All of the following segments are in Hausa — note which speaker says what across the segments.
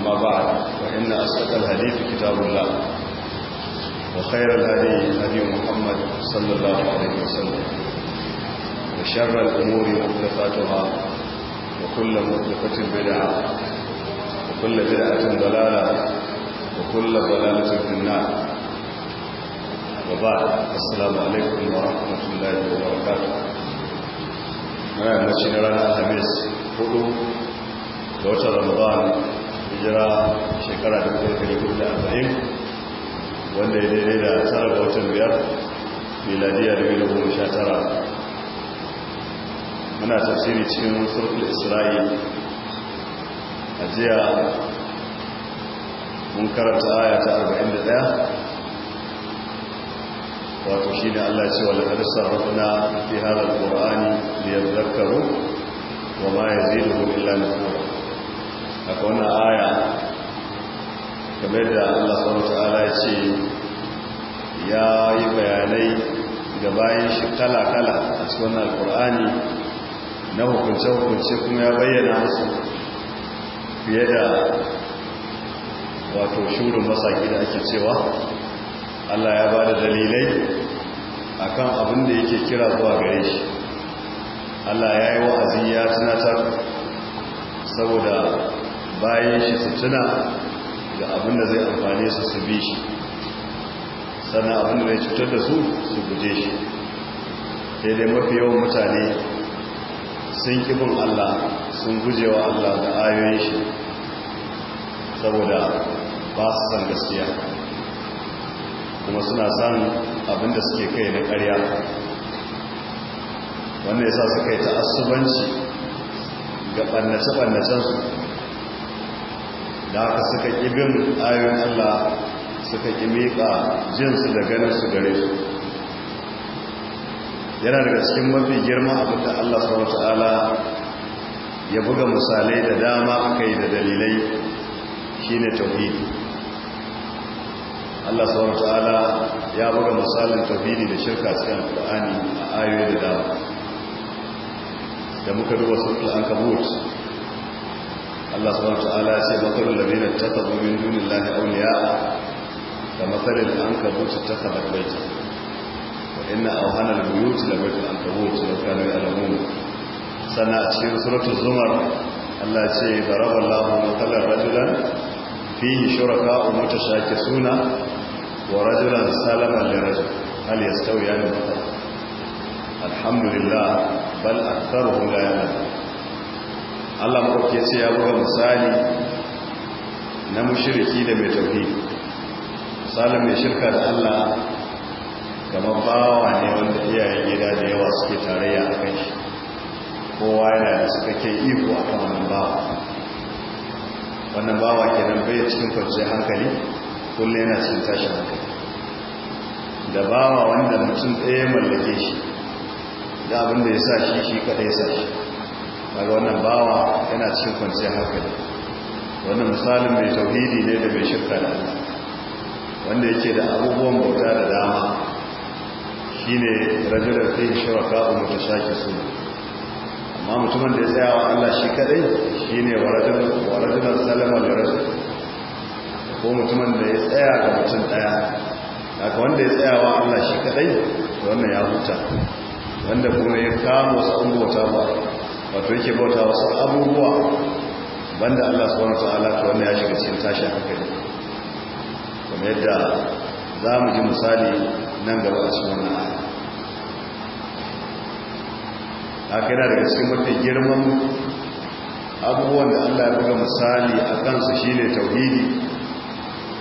Speaker 1: أما بعد فإن أصدق في كتاب الله وخير الهدي هدي محمد صلى الله عليه وسلم وشر الأمور مطلقاتها وكل مطلقة بدعة وكل بدعة ضلالة وكل ضلالة في النار وبعد السلام عليكم ورحمة الله وبركاته ما مشي نرانا الخميس hudu da رمضان hijira shekara da kuma kari kudu arba'in wanda ya daidai da tsara ga watan biyar miladiya da da goma sha tara muna tafsiri cikin surkul isra'i a jiya mun karanta aya ta arba'in da ɗaya. wato shi ne Allah ce wala kada sarrafna fi hadha alqur'ani li yadhakkaru wa ma yaziduhum illa nufura a aya game da Allah subhanahu ya ce ya yi bayanai ga bayan shi kala-kala a cikin wannan alkur'ani na hukunce-hukunce kuma ya bayyana musu fiye da wato shurin masaki da ake cewa Allah ya bada da dalilai akan abin da yake kira zuwa gare shi Allah ya yi wa'azi ya tunatar saboda bayan shi su tuna ga abin da zai amfani su su bi shi sannan abin da zai cutar da su su guje shi sai dai mafi yawan mutane sun kibin Allah sun guje wa Allah da ayoyin shi saboda ba su san gaskiya kuma suna san abin da suke kai na karya. wanda ya sa suka yi ta'assubanci ga ɓannace-ɓannacensu da aka suka ƙibin bin Allah suka ƙi miƙa jinsu da ganin su gare su yana daga cikin mafi girma a da Allah sau ta'ala ya buga misalai da dama akai da dalilai shi ne tafidi. Allah sau ta'ala ya buga misalin tauhidi da shirka cikin Qur'ani a ayoyi da dama da muka duba suratul ankabut الله سبحانه وتعالى سيبطل الذين اتخذوا من دون الله أولياء كمثل الأنكبوت اتخذت بيتا وإن أوهن البيوت لبيت الأنكبوت لو كانوا يألمون سنأتي سورة الزمر الله سيضرب الله مثلا رجلا فيه شركاء متشاكسون ورجلا سالما لرجل هل يستويان يعني الحمد لله بل أكثرهم لا يعلمون Allah ke ce ya buga misali na mushriki da mai tauhid misalin mai shirka da Allah kamar bawa ne wanda iyaye gida da yawa suke tarayya a kai shi kowa yana da cikakken iko a kan wannan bawa wannan bawa kenan bai cikin kwanciyar hankali kullum yana cikin tashin hankali da bawa wanda mutum ɗaya mallake shi da abin da ya sa shi shi kaɗai sa shi kaga wannan bawa yana cikin kwanciyar hankali wannan misalin mai tauhidi ne da mai shirka da wanda yake da abubuwan bauta da dama shine rajular fi shuraka shaki su amma mutumin da ya tsaya wa Allah shi kadai shine rajular salama da rasu ko mutumin da ya tsaya ga mutum daya haka wanda ya tsaya wa Allah shi kadai wannan ya huta wanda kuma ya kamo sa an bauta ba wato yake bauta wasu abubuwa banda Allah subhanahu wataala to wannan ya shiga cikin tashin kai. kuma yadda za mu ji misali nan gaba a cikin wannan aya haka yana daga cikin mafi girman abubuwan da Allah ya buga misali a kansu shine tauhidi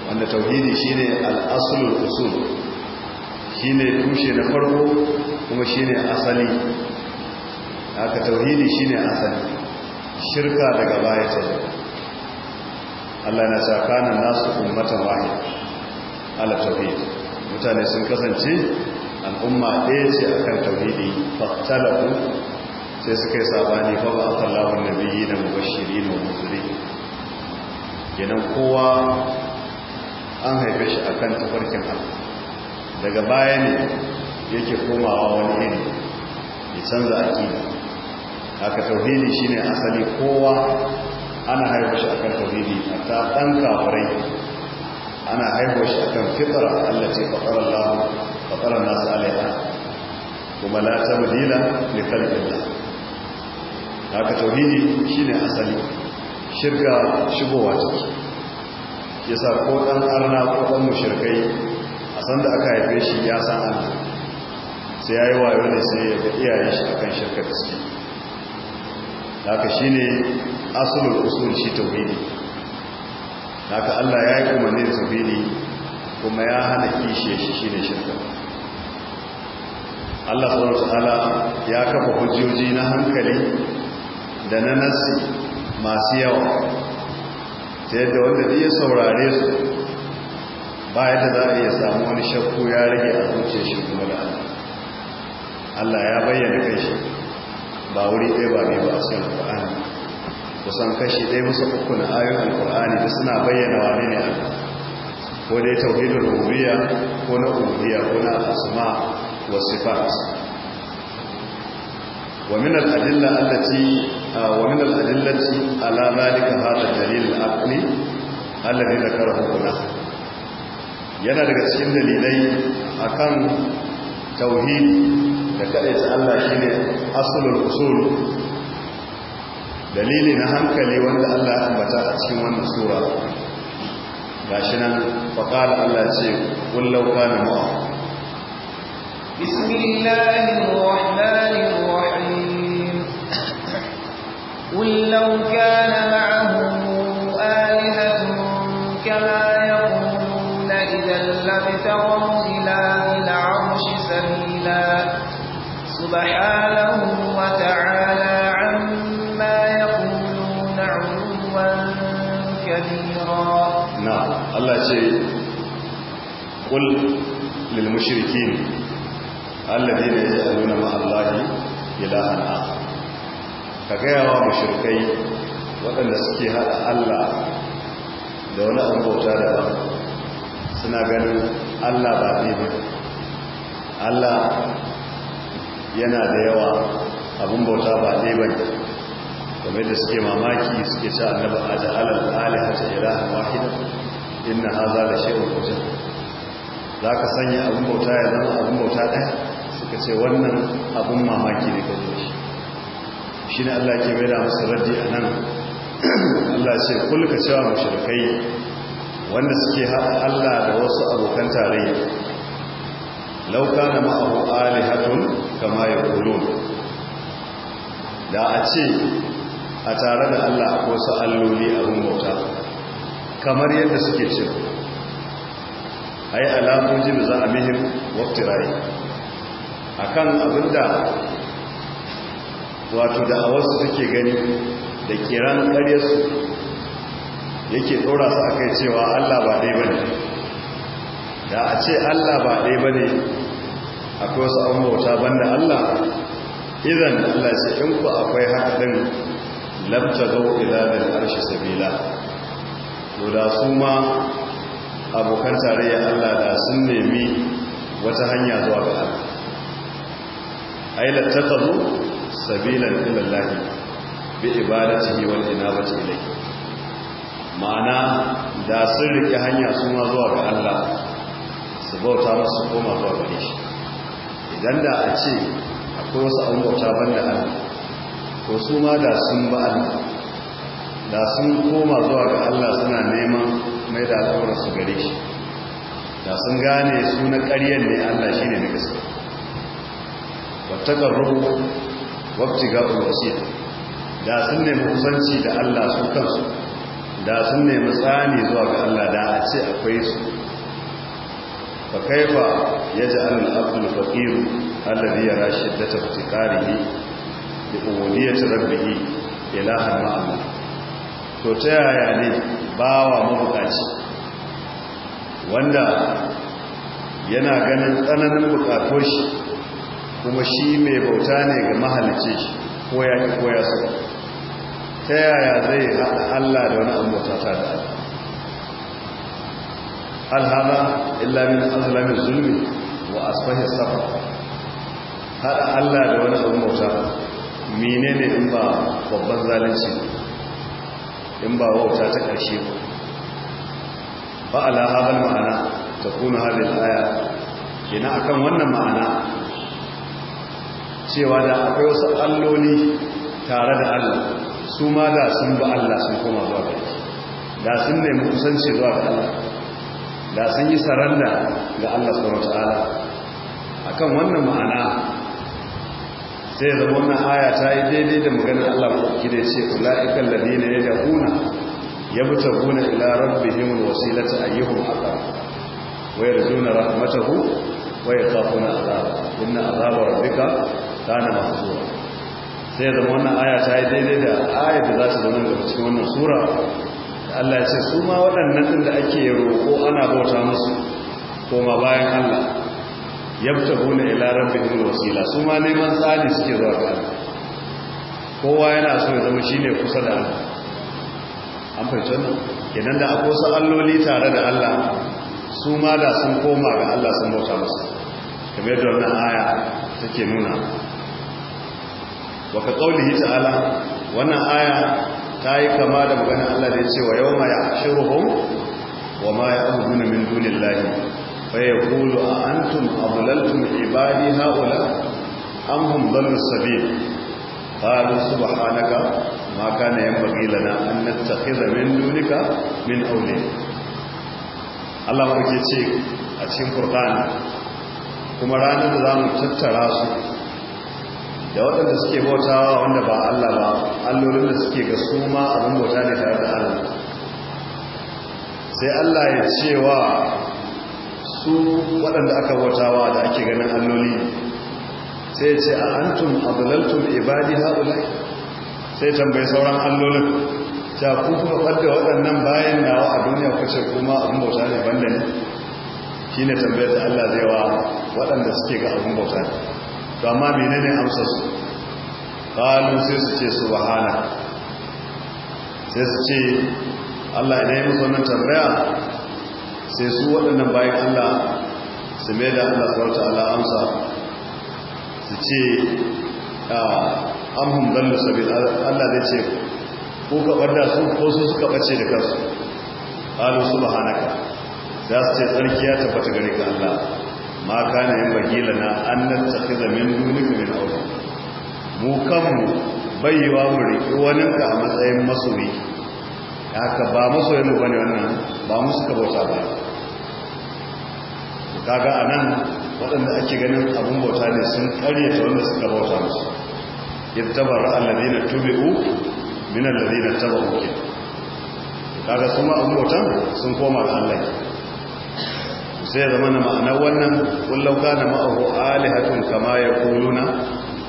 Speaker 1: wanda tauhidi shine al-aslul usul shine tushe na farko kuma shine asali haka tauhidi shine asali shirka daga baya ce Allah na tsakanin nasu ummatan wahid ala tauhid mutane sun kasance al'umma ɗaya ce akan tauhidi fattalahu sai suka yi sabani fa ba Allahu nabiyyi da mubashirin wa muzuri kenan kowa an haife shi akan tafarkin Allah daga baya ne yake komawa wani iri ya canza akida haka tauhidi shine asali kowa ana haihuwa shi akan tauhidi hatta dan kafirai ana haihuwa shi akan fitra Allah ce fatara Allah fatara nas alaiha kuma la tabdila li khalqillah haka tauhidi shine asali shirka shigowa take yasa ko dan arna ko dan mushrikai a san da aka haife shi ya san Allah sai yayi wayo ne sai ya ga iyayen shi akan shirka da su haka shine asulun usul shi tauhidi haka Allah ya yi kuma ne tauhidi kuma ya hana kishe shi shine shirka Allah subhanahu ya kafa hujjoji na hankali da na nasi masu yawa sai da wanda da ya saurare su ba yadda za a iya samu wani shakku ya rage a zuciyar shi kuma da Allah ya bayyana kai shi ba wuri ɗaya ba ne ba a cikin alkur'ani kusan kashi ɗaya musu uku na ayoyin alkur'ani da suna bayyana wane ne allah ko dai tauhidin rububiyya ko na uluhiyya ko na asma wa sifat ومن الأدلة التي ومن الأدلة على ذلك هذا الدليل العقلي الذي ذكره هنا yana daga cikin dalilai akan tauhid da kadaita Allah shi ne asulul usul dalili na hankali wanda Allah ya ambata a cikin wannan sura gashi nan faqala Allah ce qul law kana ma'a
Speaker 2: bismillahir rahmanir rahim qul law kana ma'ahu alihatun kama yaquluna idan lam tawam سبحانه وتعالى عما يقولون علوا كبيرا نعم الله شيء
Speaker 1: قل للمشركين الذين يجعلون مع الله إلها آخر فكيرا مشركين وقال سكيها الله دون أن بوتادا سنة ganin Allah ba ne ba Allah yana da yawa abin bauta ba dai ba ne kamar da suke mamaki suke ce annaba a ja'ala al-alihata ilahan wahida inna da shi a ujab za ka sanya abin bauta ya zama abin bauta ɗaya suka ce wannan abin mamaki ne kawai shi shi ne allah ke maida masu raddi a nan allah ce kulka cewa mashirkai wanda suke haɗa allah da wasu abokan tarayya law kana ma'ahu alihatun kama ya yaqulun da a ce a tare da Allah ko su alloli abin bauta kamar yadda suke ce ai alamoji da za a mihim A kan abinda wato da a wasu suke gani da kiran karyarsu yake ɗora su a kai cewa Allah ba dai bane da a ce Allah ba ɗaya ba ne akwai wasu an bauta da Allah idan Allah ce in ku akwai haɗin ɗin labta zau ila da harshe sabila to da su ma abokan tarayya Allah da sun nemi wata hanya zuwa ga Allah ai zo sabilan ila bi ibadati wa inabati ilayhi ma'ana da sun rike hanya su ma zuwa ga Allah su bauta masu koma zuwa gare shi idan da a ce a wasu an bauta banda an ko su ma da sun ba an da sun koma zuwa ga Allah suna neman mai da al'aura su gare shi da sun gane su na ƙaryar ne Allah shi ne na gaske wataƙar rubu wabci ga wasu da sun nemi kusanci da Allah su kansu da sun nemi tsani zuwa ga Allah da a ce akwai su fa kaifa yaj'al al-abdu al-faqir alladhi yara shiddata iftiqarihi bi ubudiyyati rabbih ilahan ma Allah to ta yaya ne bawa mabukaci wanda yana ganin tsananin bukatun shi kuma shi mai bauta ne ga mahalice shi ko ya ko ya so ta yaya zai haɗa Allah da wani ambata ta da hal illa min azlamil zulmi wa asbahi safa Allah da wani abin bauta menene in ba babban zalunci in ba wauta ta ƙarshe ba ba ala ma'ana ta kuna akan wannan ma'ana cewa da akwai wasu alloli tare da Allah su ma da sun ba Allah sun koma zuwa da sun nemi kusanci zuwa Allah da sun yi saranda ga Allah subhanahu wataala akan wannan ma'ana sai zama wannan aya ta yi daidai da maganin Allah ki da ce ulaiikal ladina yad'una yabtaguna ila rabbihim alwasilata ayyuhum aqrab wa yarjuna rahmatahu wa yakhafuna adhabahu inna adhaba rabbika masu zuwa sai zama wannan aya ta yi daidai da haya da za su zama daga cikin wannan sura Allah ya ce su ma waɗannan ɗin da ake roƙo ana bauta musu koma bayan Allah buna ila da wasila su ma neman tsari suke zuwa ga Allah kowa yana so ya zama shine kusa da Allah an fahimci wannan kenan da akwai wasu alloli tare da Allah su ma da sun koma ga Allah sun bauta musu kamar yadda wannan aya take nuna wa ka qaulihi ta'ala wannan aya ta yi kama da maganin Allah da ya ce wa yau ma ya shiruhun wa ma ya abubuwan min dunin lahi fa ya kulu a antum abulaltum ibadi haula an hun zalun sabi ƙalu subhanaka ma kana na bagi lana an nattakhiza min dunika min aure Allah ke ce a cikin Qur'ani kuma ranar da za mu tattara su da waɗanda suke bautawa wanda ba Allah ba allolin da suke ga su ma abin bauta ne tare da Allah sai Allah ya ce wa su waɗanda aka bautawa da ake ganin alloli sai ce a antum abdalaltum ibadi haulai sai tambayi sauran allolin ta ku kuma ɓadda waɗannan bayan nawa a duniya ce kuma abin bauta ne banda ne shine tambayar da Allah zai wa waɗanda suke ga abin bauta ne to amma menene amsa su qalu sai su ce subhana sai su ce Allah ne ya musu wannan tambaya sai su waɗannan bayan Allah su mai da Allah subhanahu ta'ala amsa su ce ah, amhum dallu sabil Allah zai ce ko ka ɓarda su ko su suka ɓace da kansu qalu subhanaka za su ce tsarki ya tabbata gare ka Allah ma kana yin na an nattakhidha min dunika min awliya mu kanmu bayyawa mu riƙi wani ka a matsayin masoyi haka ba masoyin mu bane wannan ba mu suka bauta ba kaga anan waɗanda ake ganin abun bauta ne sun ta wanda suka bauta musu yattabar alladhina tubi'u min alladhina tabu kaga su ma abun bautan sun koma ga Allah sai zama na ma'anar wannan kullum na ma'ahu alihatun kama ya kuluna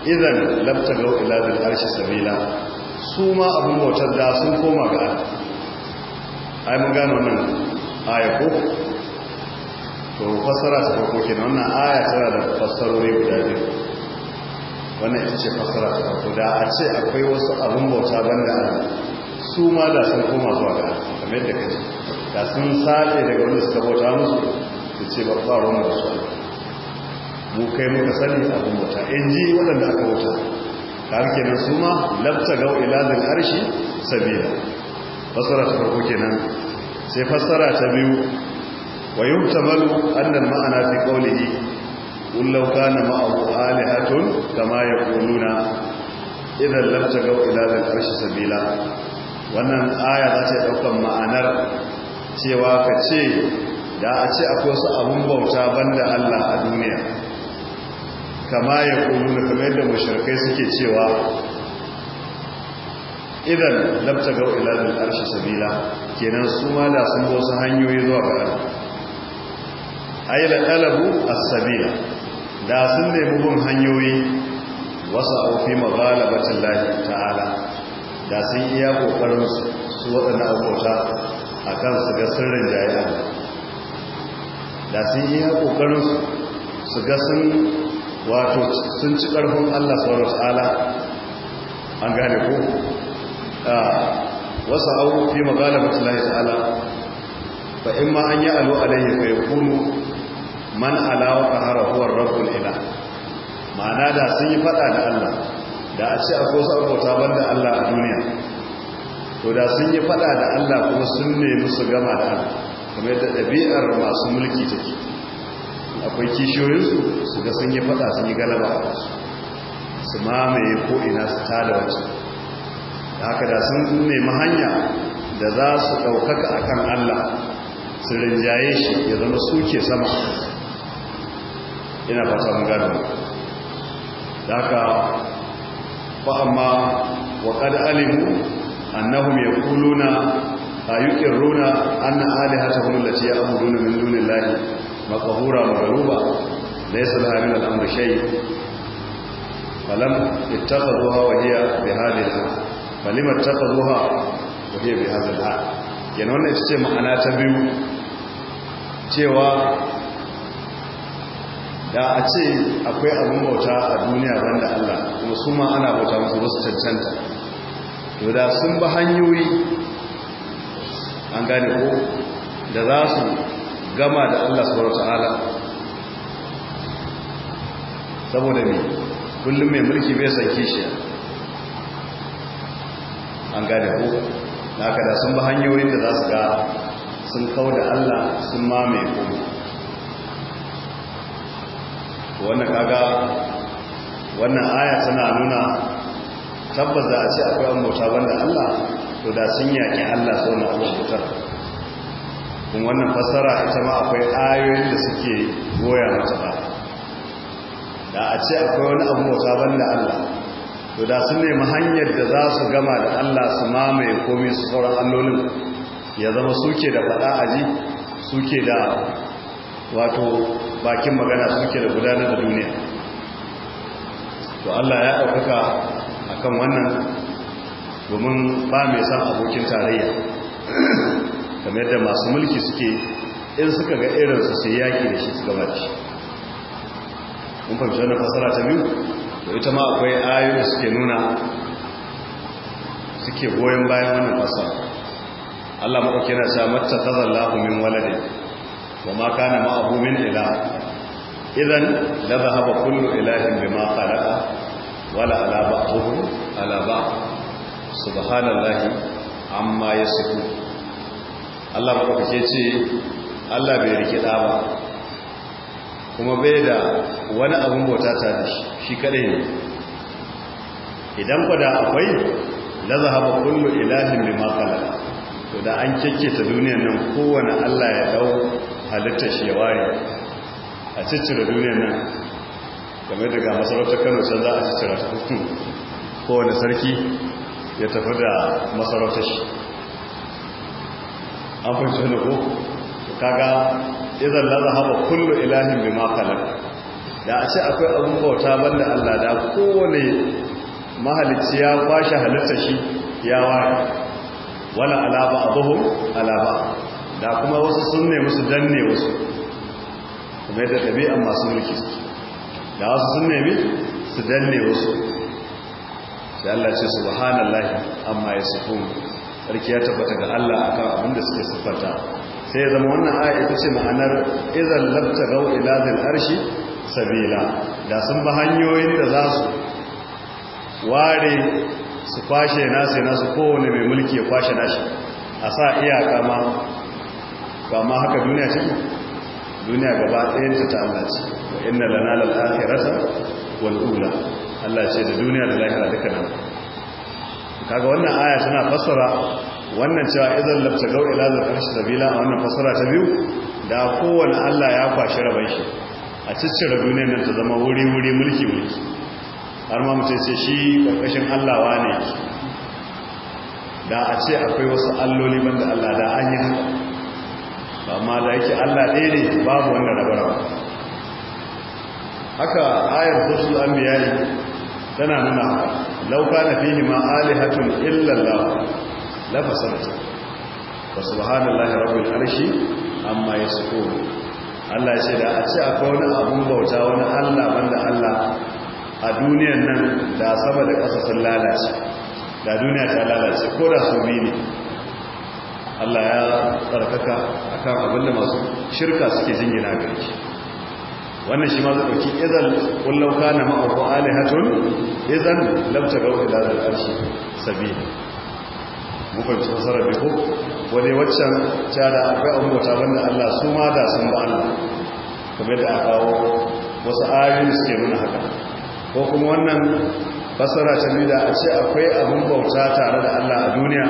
Speaker 1: idan labta ga ila zil arshi sabila su ma abin bautar da sun koma ga ai mun gano nan aya ko to fassara ta farko na wannan aya tana da fassarori guda biyu wannan ita ce fassara ta farko da a ce akwai wasu abin bauta banda ala su ma da sun koma zuwa ga kamar da kaji da sun sale daga wanda suka bauta musu da ce ba ba mu da su mu kai muka sani abin wata in ji waɗanda aka wuta harke kenan su ma labta gau ilalin harshe sabila fassara ta farko kenan sai fassara ta biyu wa yuhtamalu annal ma'ana fi qawlihi qul law kana da alihatun kama yaquluna idan labta gau ilalin harshe sabila wannan aya za ta ɗaukar ma'anar cewa ka ce da a ce akwai wasu abin bauta banda Allah a duniya kama ya kulu na kamar yadda mashirkai suke cewa idan labta ga ilalin arshi sabila kenan su ma da sun zo hanyoyi zuwa ga Allah ayyala talabu as-sabila da sun nemi bin hanyoyi wasa ofi maghalabatin lahi ta'ala da sun iya kokarin su waɗanda abota a kan su ga sirrin jayi da sun yi kokarin su ga sun wato sun ci karfin Allah sauran tsala an gane ko wasu abu fi mutu Allah tsala ba in ma an yi ya a alayhi kai kunu man alawa qahara huwa rabbul ila ma'ana da sun yi fada da Allah da a ce a bauta ban da Allah a duniya to da sun yi fada da Allah kuma sun nemi su gama da Allah kamar yadda ɗabi'ar masu mulki take akwai kishiyoyinsu su ga sun yi fada sun yi galaba su mamaye ko'ina su tada wacce da haka da sun nemi hanya da za su ɗaukaka a kan allah su rinjaye shi ya zama suke sama ina fata mu gano da haka ba amma wa qad alimu mai kuluna ayukiruna anna alihatahum allati ya'buduna min dunillahi maqhura maghluba laysa laha min al-amri shay falam ittakhadhuha wa hiya bihadhihi al-hal falima ittakhadhuha wa hiya bihadhihi al-hal yana wannan ita ce ma'ana ta biyu cewa da a ce akwai abin bauta a duniya banda Allah kuma su ma ana bauta musu wasu cancanta to da sun ba hanyoyi an gane ko da za su gama da Allah subhanahu ala saboda ne kullum mai mulki bai san kishiya an gane ko da aka da sun ba hanyoyin da za su ga sun kau da Allah sun mamaye kuma wannan kaga wannan aya tana nuna tabbas da a ce akwai an bauta wanda Allah to da sun yaƙi Allah sau na abin kun wannan fassara ita ma akwai ayoyin da suke goya mata ba da a ce akwai wani abu bauta ban da Allah to da sun nemi hanyar da za su gama da Allah su mamaye komai su sauran allolin ya zama suke da faɗa aji suke da wato bakin magana suke da gudanar da duniya to Allah ya ɗaukaka kan wannan domin ba mai san abokin tarayya kamar yadda masu mulki suke in suka ga irinsa sai yaki da shi su gaba ci kun fahimci wani fasara ta biyu to ita ma akwai ayoyi da suke nuna suke goyon bayan wannan fasa. Allah maɗauki yana sa mattakhadha Allahu min waladin wa ma kana ma min idan la dhahaba kullu ilahin ma khalaqa wala ala ala subhanallahi amma ya suku Allah ce Allah bai rike ɗa ba kuma bai da wani abin bauta ta da shi shi kaɗai ne idan ba da akwai la zahaba kullu ilahin bima khalaqa to da an ta duniyar nan kowane Allah ya dau halitta shi ya ware a ciccire duniyar nan game daga masarautar Kano san za a ciccire ta kowane sarki ya tafi da masarautar shi an fahimci da ko kaga izan laza haɓa kullum ilahin bima khalaq da a ce akwai abin bauta banda Allah da kowane mahalicci ya kwashi halitta shi ya waye wani alaba abuhum alaba da kuma wasu sun ne musu danne wasu kuma yadda ɗabi'an masu mulki da wasu sun nemi su danne wasu sai Allah ce subhanallahi amma sufu sarki ya tabbata ga Allah akan abin da suke siffata sai ya zama wannan aya ita ce ma'anar idan labtagau ila zil arshi sabila da sun ba hanyoyin da za su ware su kwashe nasu nasu kowane mai mulki ya kwashe nashi a sa iyaka ma ba ma haka duniya ce duniya gaba ɗayan ta ta wa inna lana lal akhirata wal ula Allah ce da duniya da lahira duka nan kaga wannan aya tana fassara wannan cewa idan labta gau ila zakashi sabila a wannan fassara ta biyu da kowane Allah ya kwashi rabin shi a ciccire duniyar nan ta zama wuri wuri mulki mulki har ma mutum ce shi karkashin Allah wane da a ce akwai wasu alloli banda Allah da an yi ba amma da yake Allah ɗaya ne babu wannan rabe haka ayar kusur an biya tana nuna lauka na fihi ma alihatun illallah la fasalta wa subhanallahi rabbil arshi amma yasifun Allah ya ce da a ce akwai wani abun bauta wani Allah banda Allah a duniyan nan da sama da ƙasa lalace da duniya ta lalace ko da su ne Allah ya tsarkaka akan abin da masu shirka suke jingina gari wannan shi ma zuwa ki idan kullau kana ma abu alihatun idan lam tagaw ila al-arshi sabila mu fahimci sarar da ko wani waccan ta da akwai abubuwa wanda Allah su ma da sun ba Allah kamar da aka kawo wasu ayoyi suke nuna haka ko kuma wannan fasara ta da a ce akwai abun bauta tare da Allah a duniya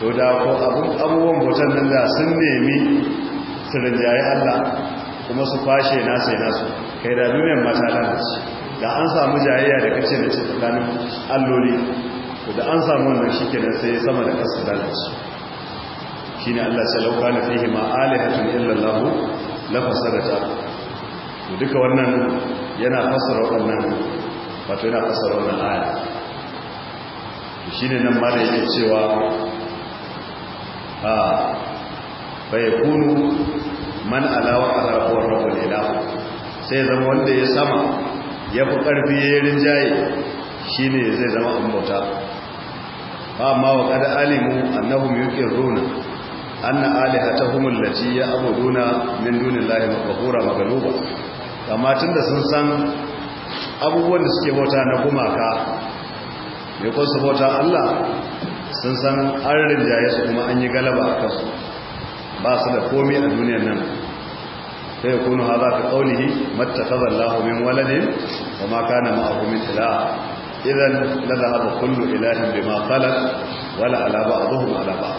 Speaker 1: to da ko abun abubuwan bautan nan da sun nemi su rinjaye Allah kuma su kwashe nasu sai nasu kai da duniyar mata lalace da an samu jayayya da kace da ce tsakanin alloli da an samu wannan shi ke kenan sai sama da kasu lalace shi ne allah ce lauka na fihi ma alihatun illallahu la fasadata duka wannan yana fasara wannan wato yana fasara wannan aya shi ne nan ma da yake cewa ah, a bai kunu man alawa a kowar rabbul ilahu sai zama wanda ya sama ya fi ƙarfi ya yi rinjaye shi ne zai zama an bauta ba ma wa kada alimu annahum yuqirruna anna alihatahum allati ya'buduna min dunillahi maghfura maghluba amma tunda sun san abubuwan da suke bauta na gumaka ya ko su bauta Allah sun san an rinjaye su kuma an yi galaba a kasu. ba su da komi a duniyar nan sai ya kunu haza ka kaulihi mattakaza Allah min waladin wa ma kana ma'ahu min ilah idan la dhahaba kullu ilahin bima khalaq wala ala ba'dihim ala ba'd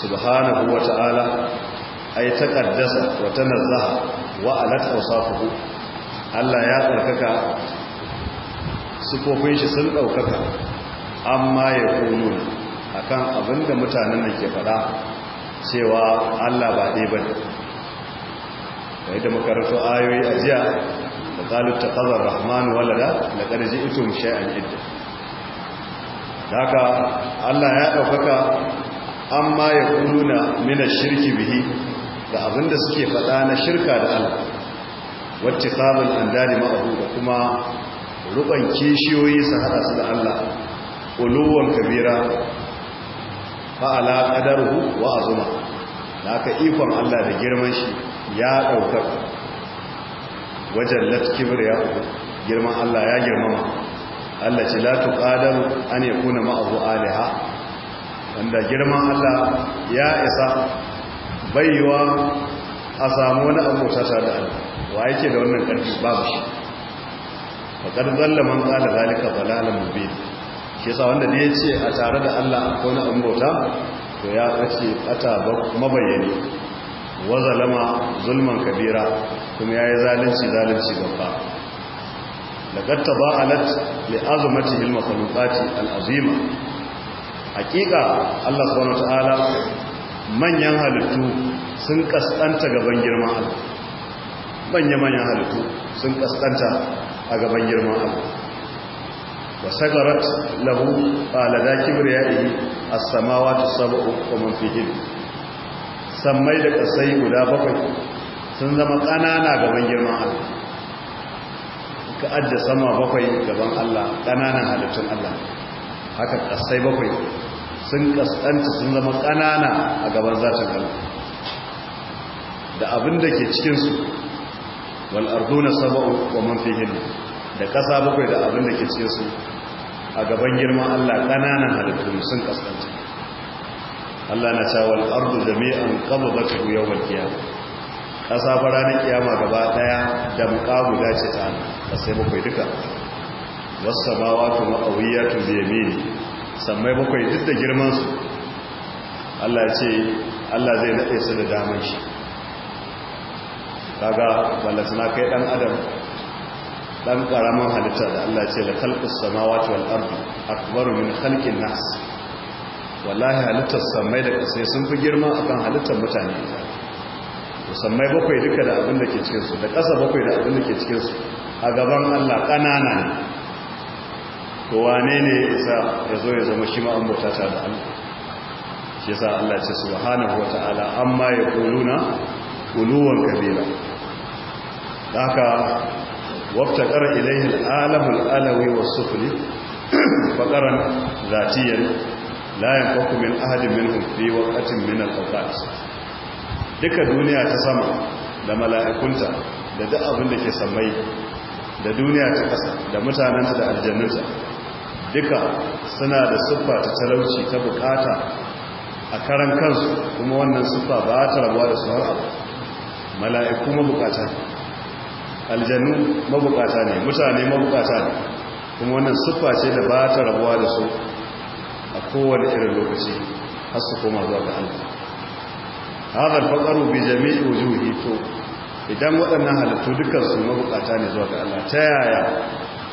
Speaker 1: subhanahu wa ta'ala a yi taqaddasa wa tanazzaha wa wasa awsafuhu Allah ya tsarkaka sufofin shi sun daukaka amma ya kunu kan abinda mutanen da ke faɗa. cewa Allah ba ɗe ba ne da yadda makarantu ayoyi a jiya da ƙalu ta ƙazar rahmanu walada da ƙarji ito mu an idda da haka Allah ya ɗaukaka amma ya na mina shirki bihi da abinda suke faɗa na shirka da Allah wacce tsamin an dani ma'abu da kuma ruban kishiyoyi su haɗa su da Allah ƙuluwan kabira fa'ala qadaruhu wa a zuma. Da aka ikon Allah da girman shi ya daukar wajen latkibir ya girman Allah ya girmama Allah ce la tuqadaru an yakuna ma'ahu Aliha. wanda girman Allah ya isa baiwa a samu wani abu tasa da Allah wa yake da wannan karfi babu shi faqad dhalla man qala zalika dhalalan mubin yasa wanda ne ya ce a tare da Allah ko na abin to ya ɓace ɓata mabayyane wa zalama zulman kabira kuma yayi yi zalunci zalunci babba laƙar li ba'alat li'azumati makhluqati al al'azima hakika Allah subhanahu ta'ala manyan halittu sun kasanta gaban girman Allah manyan halittu sun kaskanta a gaban girman Allah وسجرت له قال ذا كبريائه السماوات السبع ومن فيهن sammai da kasai guda bakwai sun zama ƙanana gaban girman Allah ka adda sama bakwai gaban Allah ƙananan haka kasai bakwai sun kasance sun zama kanana a gaban zatin Allah da abin da ke su wal arduna sab'u wa man fihi da ƙasa bakwai da abin da ke ce su a gaban girman Allah ƙananan halittu sun kaskanta Allah na cewa al'ardu da mai an kama ba su yau ƙasa ba ranar kiyama gaba ɗaya da guda ce ta sai bakwai duka wasu samawa kuma auyiya tun mini sammai bakwai duk da girmansu Allah ce Allah zai naɗe su da damar shi kaga ballasana kai ɗan adam dan karaman halitta da Allah ce la khalqus samawati wal ardi akbaru min khalqin nas wallahi halittar samai da kasai sun fi girma akan halittar mutane samai bakwai duka da abin da ke cikin su da kasa bakwai da abin da ke cikin su a gaban Allah kanana ne to wane ne yasa ya zo ya zama shi ma an mutata da Allah shi yasa Allah ce subhanahu wataala amma yaquluna quluwan kabira haka وافتقر إليه العالم الألوي والسفلي فقرا ذاتيا لا ينفق من أحد منهم في وقت من الأوقات duka duniya ta sama da mala'ikunta da duk abin da ke samai da duniya ta ƙasa da mutanenta da aljannunta duka suna da siffa ta talauci ta bukata a karan kansu kuma wannan siffa ba ta rabuwa da su har abu mala'iku mabukata aljanu mabukata ne mutane mabukata ne kuma wannan siffa ce da ba ta rabuwa da su a kowane irin lokaci har su koma zuwa ga Allah hadal faqaru bi jami'i wujuhi to idan waɗannan halittu dukkan su mabukata ne zuwa ga Allah ta yaya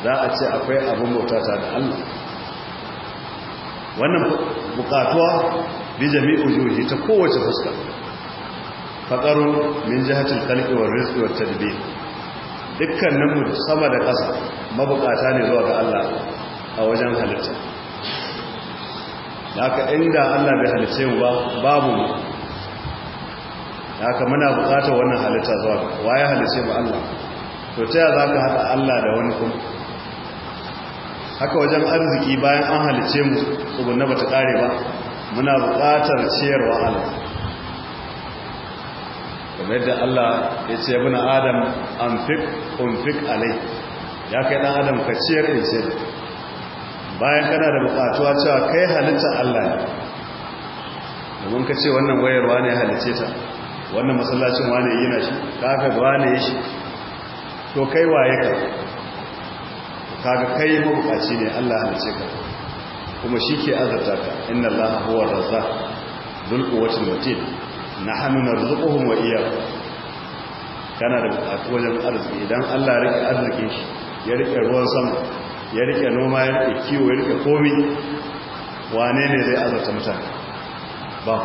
Speaker 1: za a ce akwai abun bautata da Allah wannan bukatuwa bi jami'i wujuhi ta kowace fuska faqaru min jihati al-khalqi war rizqi wat tadbir dukkaninmu sama da ƙasa mabukata ne zuwa ga Allah a wajen halitta haka inda Allah bai halitta mu ba babu haka muna bukata wannan halitta zuwa ga waye halitta mu Allah to ta za zaka haɗa Allah da wani kuma haka wajen arziki bayan an halitta mu tsugunna bata kare ba muna bukatar ciyarwa Allah kamar da Allah ya ce bin adam un fik alai ya kai dan adam ka ciyar in ciyar bayan kana da bukatuwa cewa kai halitta Allah ne domin ka ce wannan wayarwa ne halice ta wannan masallacin wane yi na shi kafa wane yi shi to kai waye ka kaga kai mabukaci ne Allah halice ka kuma shi ke azarta ka inna Allah huwa razzaq dhul quwwati matin na na rizukuhun wa iyaku kana da bukatu wajen arziki idan allah rike arzikin shi ya rike ruwan sama ya rike noma ya rike kiwo ya rike komi wane ne zai azarta mutane ba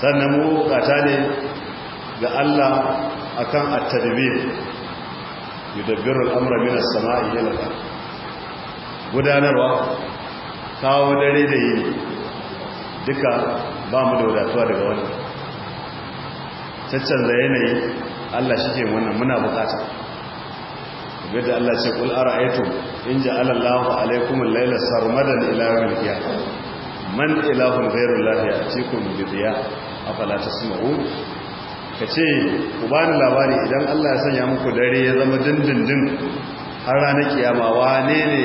Speaker 1: sannan mu bukata ne ga allah akan kan tadbir yudabbiru al-amra mina samai ila gudanarwa kawo dare da yi duka ba mu da wadatuwa daga wani, wannan da yanayi Allah shi ke wannan muna bukata yadda Allah ce kul ara'aytum in ja'ala Allahu alaykum al sarmadan ila yawmil man ilahun cikin Allahi a falata dhiya afala Ka ce ku bani labari idan Allah ya sanya muku dare ya zama dindindin har ranar kiyama wane ne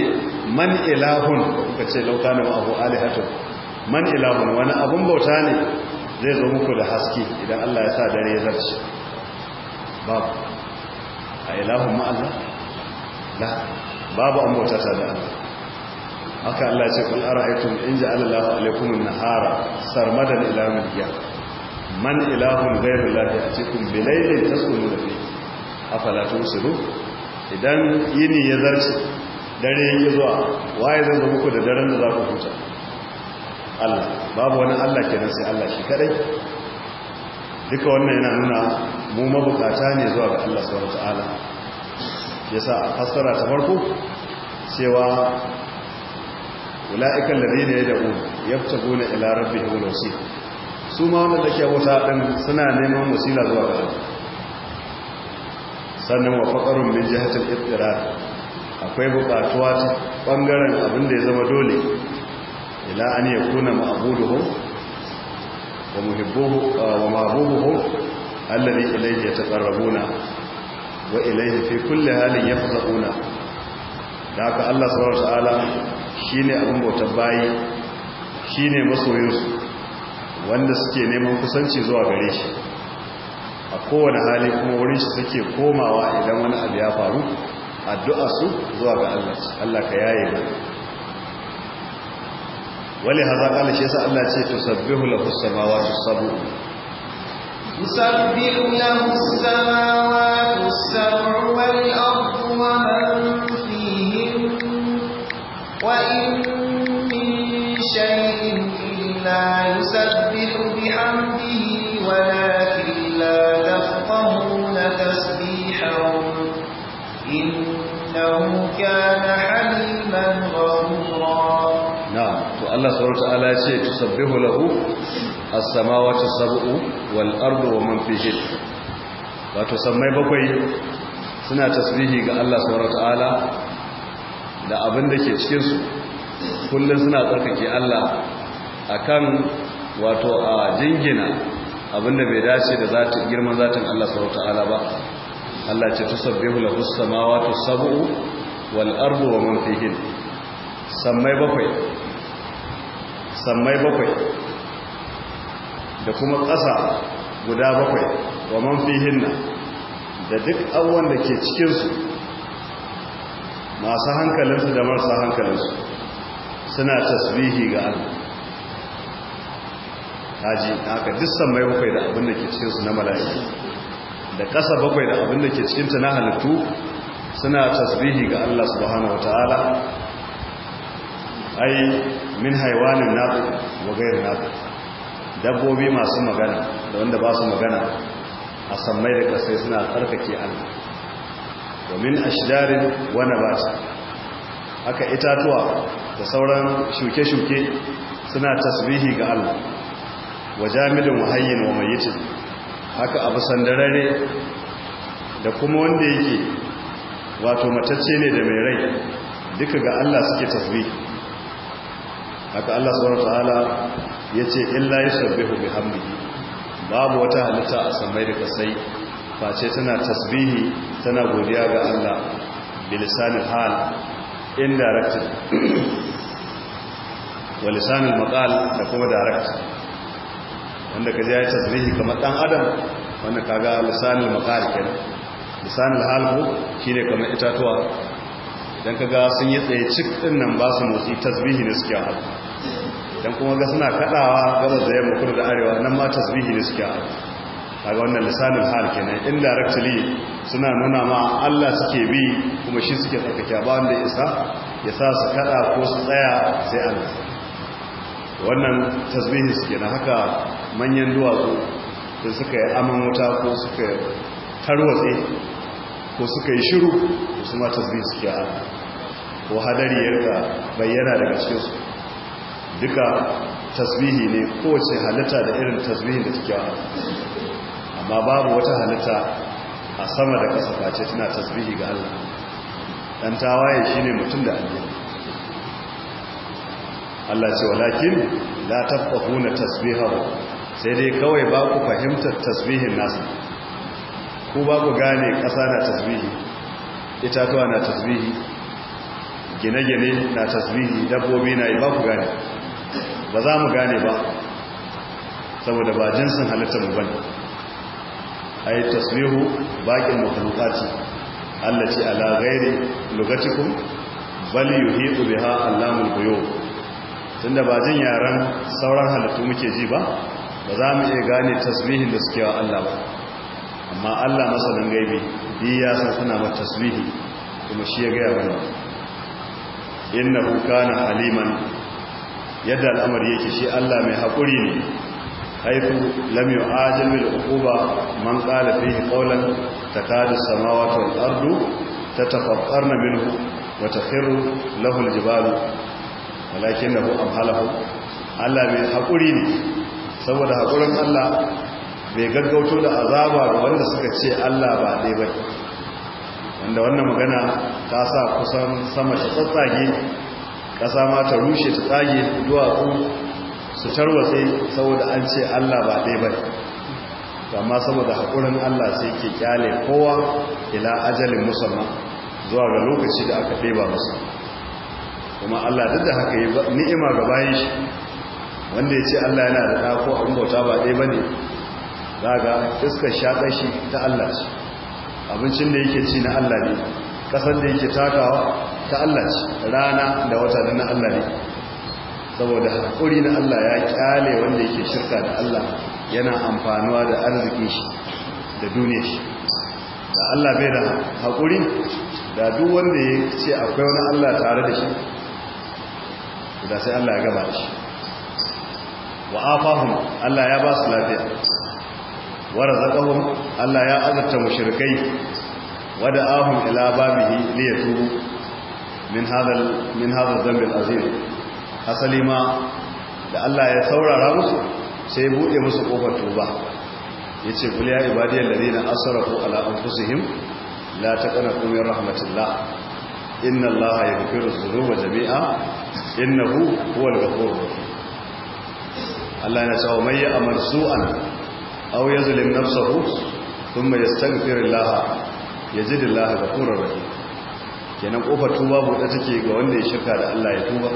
Speaker 1: man ilahun kace na ma'ahu alihatu man ilahun wani abun bauta ne zai zo muku da haske idan Allah ya sa dare ya zarce babu a ilahun ma'azza la babu an bauta sa da Allah haka Allah ya ce kun ara'aytum in ja'ala Allahu alaykum an-nahara sarmadan ila madiyya man ilahun ghayru Allah ya'tikum bi laylin tasqunu fi afala tusiru idan yini ya zarce dare ya zuwa waye zan zo muku da daren da za ku huta Allah babu wani Allah nan sai Allah shi kadai duka wannan yana nuna mu mabukata ne zuwa ga Allah subhanahu wataala yasa fasara ta farko cewa ulaiika alladhina yad'u yabtaguna ila rabbihim alwasila su ma da ke wuta din suna neman wasila zuwa ga Allah sannan wa faqarun min jihatil ittira akwai bukatuwa ta bangaren abin da ya zama dole ila an yakuna ma'buduhum wa muhibbuhu wa ma'buduhum alladhi ilayhi yataqarrabuna wa ilayhi fi kulli halin yafzaquna da haka Allah subhanahu wa ta'ala shine abin bautar bayi shine masoyinsu wanda suke neman kusanci zuwa gare shi a kowane hali kuma wurin shi suke komawa idan wani abu ya faru addu'a su zuwa ga Allah Allah ka yaye ba. ولهذا قال شيء سأل الله شيء تسبه له السماوات السبع
Speaker 2: تسبح له السماوات السبع والأرض ومن فيهن وإن من شيء إلا يسبح بحمده ولكن لا تفقهون تسبيحهم إنه كان حليما غفورا
Speaker 1: نعم Allah subhanahu wataala ya ce tusabbihu hulahu a samawati sab'u sabu’u wal’arbu wa man fihin wato sammai bakwai suna tasbihi ga Allah subhanahu wataala da abin da ke cikinsu kullum suna tsarkake Allah a kan wato a jingina abin da bai dace da zatin girman zatin Allah subhanahu wataala ba Allah ce tusabbihu lahu hulahu samawati sab'u sabu’u wal’arbu wa man fihin sammai bakwai sammai bakwai da kuma ƙasa guda bakwai wa man fihinna da duk abuwan da ke cikinsu masu hankalinsu da marasa hankalinsu suna tasbihi ga Allah haji haka duk sammai bakwai da abin da ke cikinsu na mala'iku da ƙasa bakwai da abin da ke cikinta na halittu suna tasbihi ga Allah subhanahu ta'ala ai min haiwanin naku wa gairin naku dabbobi masu magana da wanda ba su magana a sammai da kasai suna tsarkake allah a shidarin wani ba su haka itatuwa da sauran shuke-shuke suna tasbihi ga allah wa jami'in wahayin wa mayyitin haka abu sandarare da kuma wanda yake wato matacce ne da mai rai duka ga Allah suke tasbihi haka Allah subhanahu ya ce illa yusabbihu hamdi babu wata halitta a samai da kasai face tana tasbihi tana godiya ga Allah bilisanin hal indirected wa lisanil maqal da kuma direct wanda kaje ya tasbihi kamar dan adam wanda kaga lisanin maqal kenan lisanin hal ko shine kamar itatuwa ka kaga sun yi tsaye cik din nan ba su motsi tasbihi ne suke halu dan kuma ga suna kadawa gabas zai yamma da arewa nan ma tasbihi ne suke a ga wannan lisanin hal kenan indirectly suna nuna ma Allah suke bi kuma shi suke tsaka ba wanda isa ya sa su kada ko su tsaya sai Allah wannan tasbihi suke na haka manyan duwatsu da suka yi aman wuta ko suka tarwatse ko suka yi shiru su ma tasbihi suke a ko hadari ya bayyana daga cikinsu duka tasbihi ne kowace halitta da irin tasbihin da wa amma babu wata halitta a sama da kasa face tana tasbihi ga Allah dan tawaye shine mutum da aljanna Allah ce walakin la tafqahuna tasbihahu sai dai kawai ba ku fahimtar tasbihin nasa ku ba ku gane ƙasa na tasbihi itatuwa na tasbihi gine-gine na tasbihi dabbobi na yi ba ku gane ba za mu gane ba saboda ba jinsin halittar mu bane ai tasbihu baqin Allah ce ala ghairi lugatikum bal yuhitu biha allamul ghuyub tunda ba jin yaran sauran halittu muke ji ba ba za mu iya gane tasbihin da suke wa Allah ba amma Allah masanin gaibi bi ya san suna ba tasbihi kuma shi ya gaya ga yaran innahu kana haliman yadda al'amari yake shi Allah mai haƙuri ne haifu lam yu'ajil bil uquba man qala fihi qawlan takadu samawati wal ardu tatafaqqarna minhu wa takhiru lahu al jibalu walakinahu amhalahu Allah mai haƙuri ne saboda haƙurin Allah bai gaggauto da azaba ga wanda suka ce Allah ba ɗai ba wanda wannan magana ta sa kusan sama ta tsatsage ƙasa ma ta rushe ta tsage duwatsu su tarwatse saboda an ce Allah ba ɗai ba amma saboda haƙurin Allah sai ke kyale kowa ila ajalin musamman zuwa ga lokaci da aka ɗeba musu kuma Allah duk da haka yi ni'ima ga bayan shi wanda ya ce Allah yana da ɗa a bauta ba ɗai ba ne za ga iskar shaƙar ta Allah ce abincin da yake ci na Allah ne kasan da yake takawa ta Allah ce rana da wata da na Allah ne saboda haƙuri na Allah ya kyale wanda yake shirka da Allah yana amfanuwa da arziki shi da duniya shi da Allah bai da haƙuri da duk wanda ya ce akwai wani Allah tare da shi da sai Allah ya gaba da shi wa afahum Allah ya ba su lafiya wa razaqahum Allah ya azabta mushrikai wada ahun ila babihi li yatubu min hadha min hadha dhanb al-azim hasali ma da Allah ya saurara musu sai ya bude musu kofar tuba yace kul ya ibadiyal ladina asrafu ala anfusihim la taqnatu min rahmatillah inna Allah yaghfiru dhunuba jami'a innahu huwal ghafurur rahim Allah ya sa mai amarsu'an aw yazlim nafsahu thumma yastaghfirullah yajidillaha ghafurur rahim kenan kofar tuba buɗe take ga wanda ya shirka da Allah ya tuba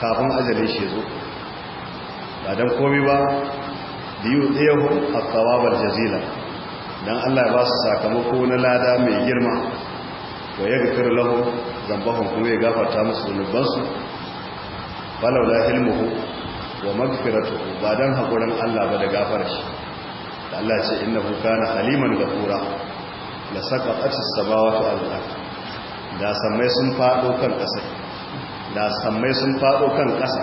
Speaker 1: kafin ajali shi zo ba dan komai ba biyu ɗayahu a tsawabar jazila don Allah ya ba su sakamako na lada mai girma wa kira lahu dhanbahum kuma ya gafarta musu zunubansu falawla ilmuhu wa maghfiratuhu ba dan hakurin Allah ba da gafar shi Allah ce innahu kana haliman kura. da saka ba wata al'ad da samai sun faɗo kan ƙasa da samai sun faɗo kan ƙasa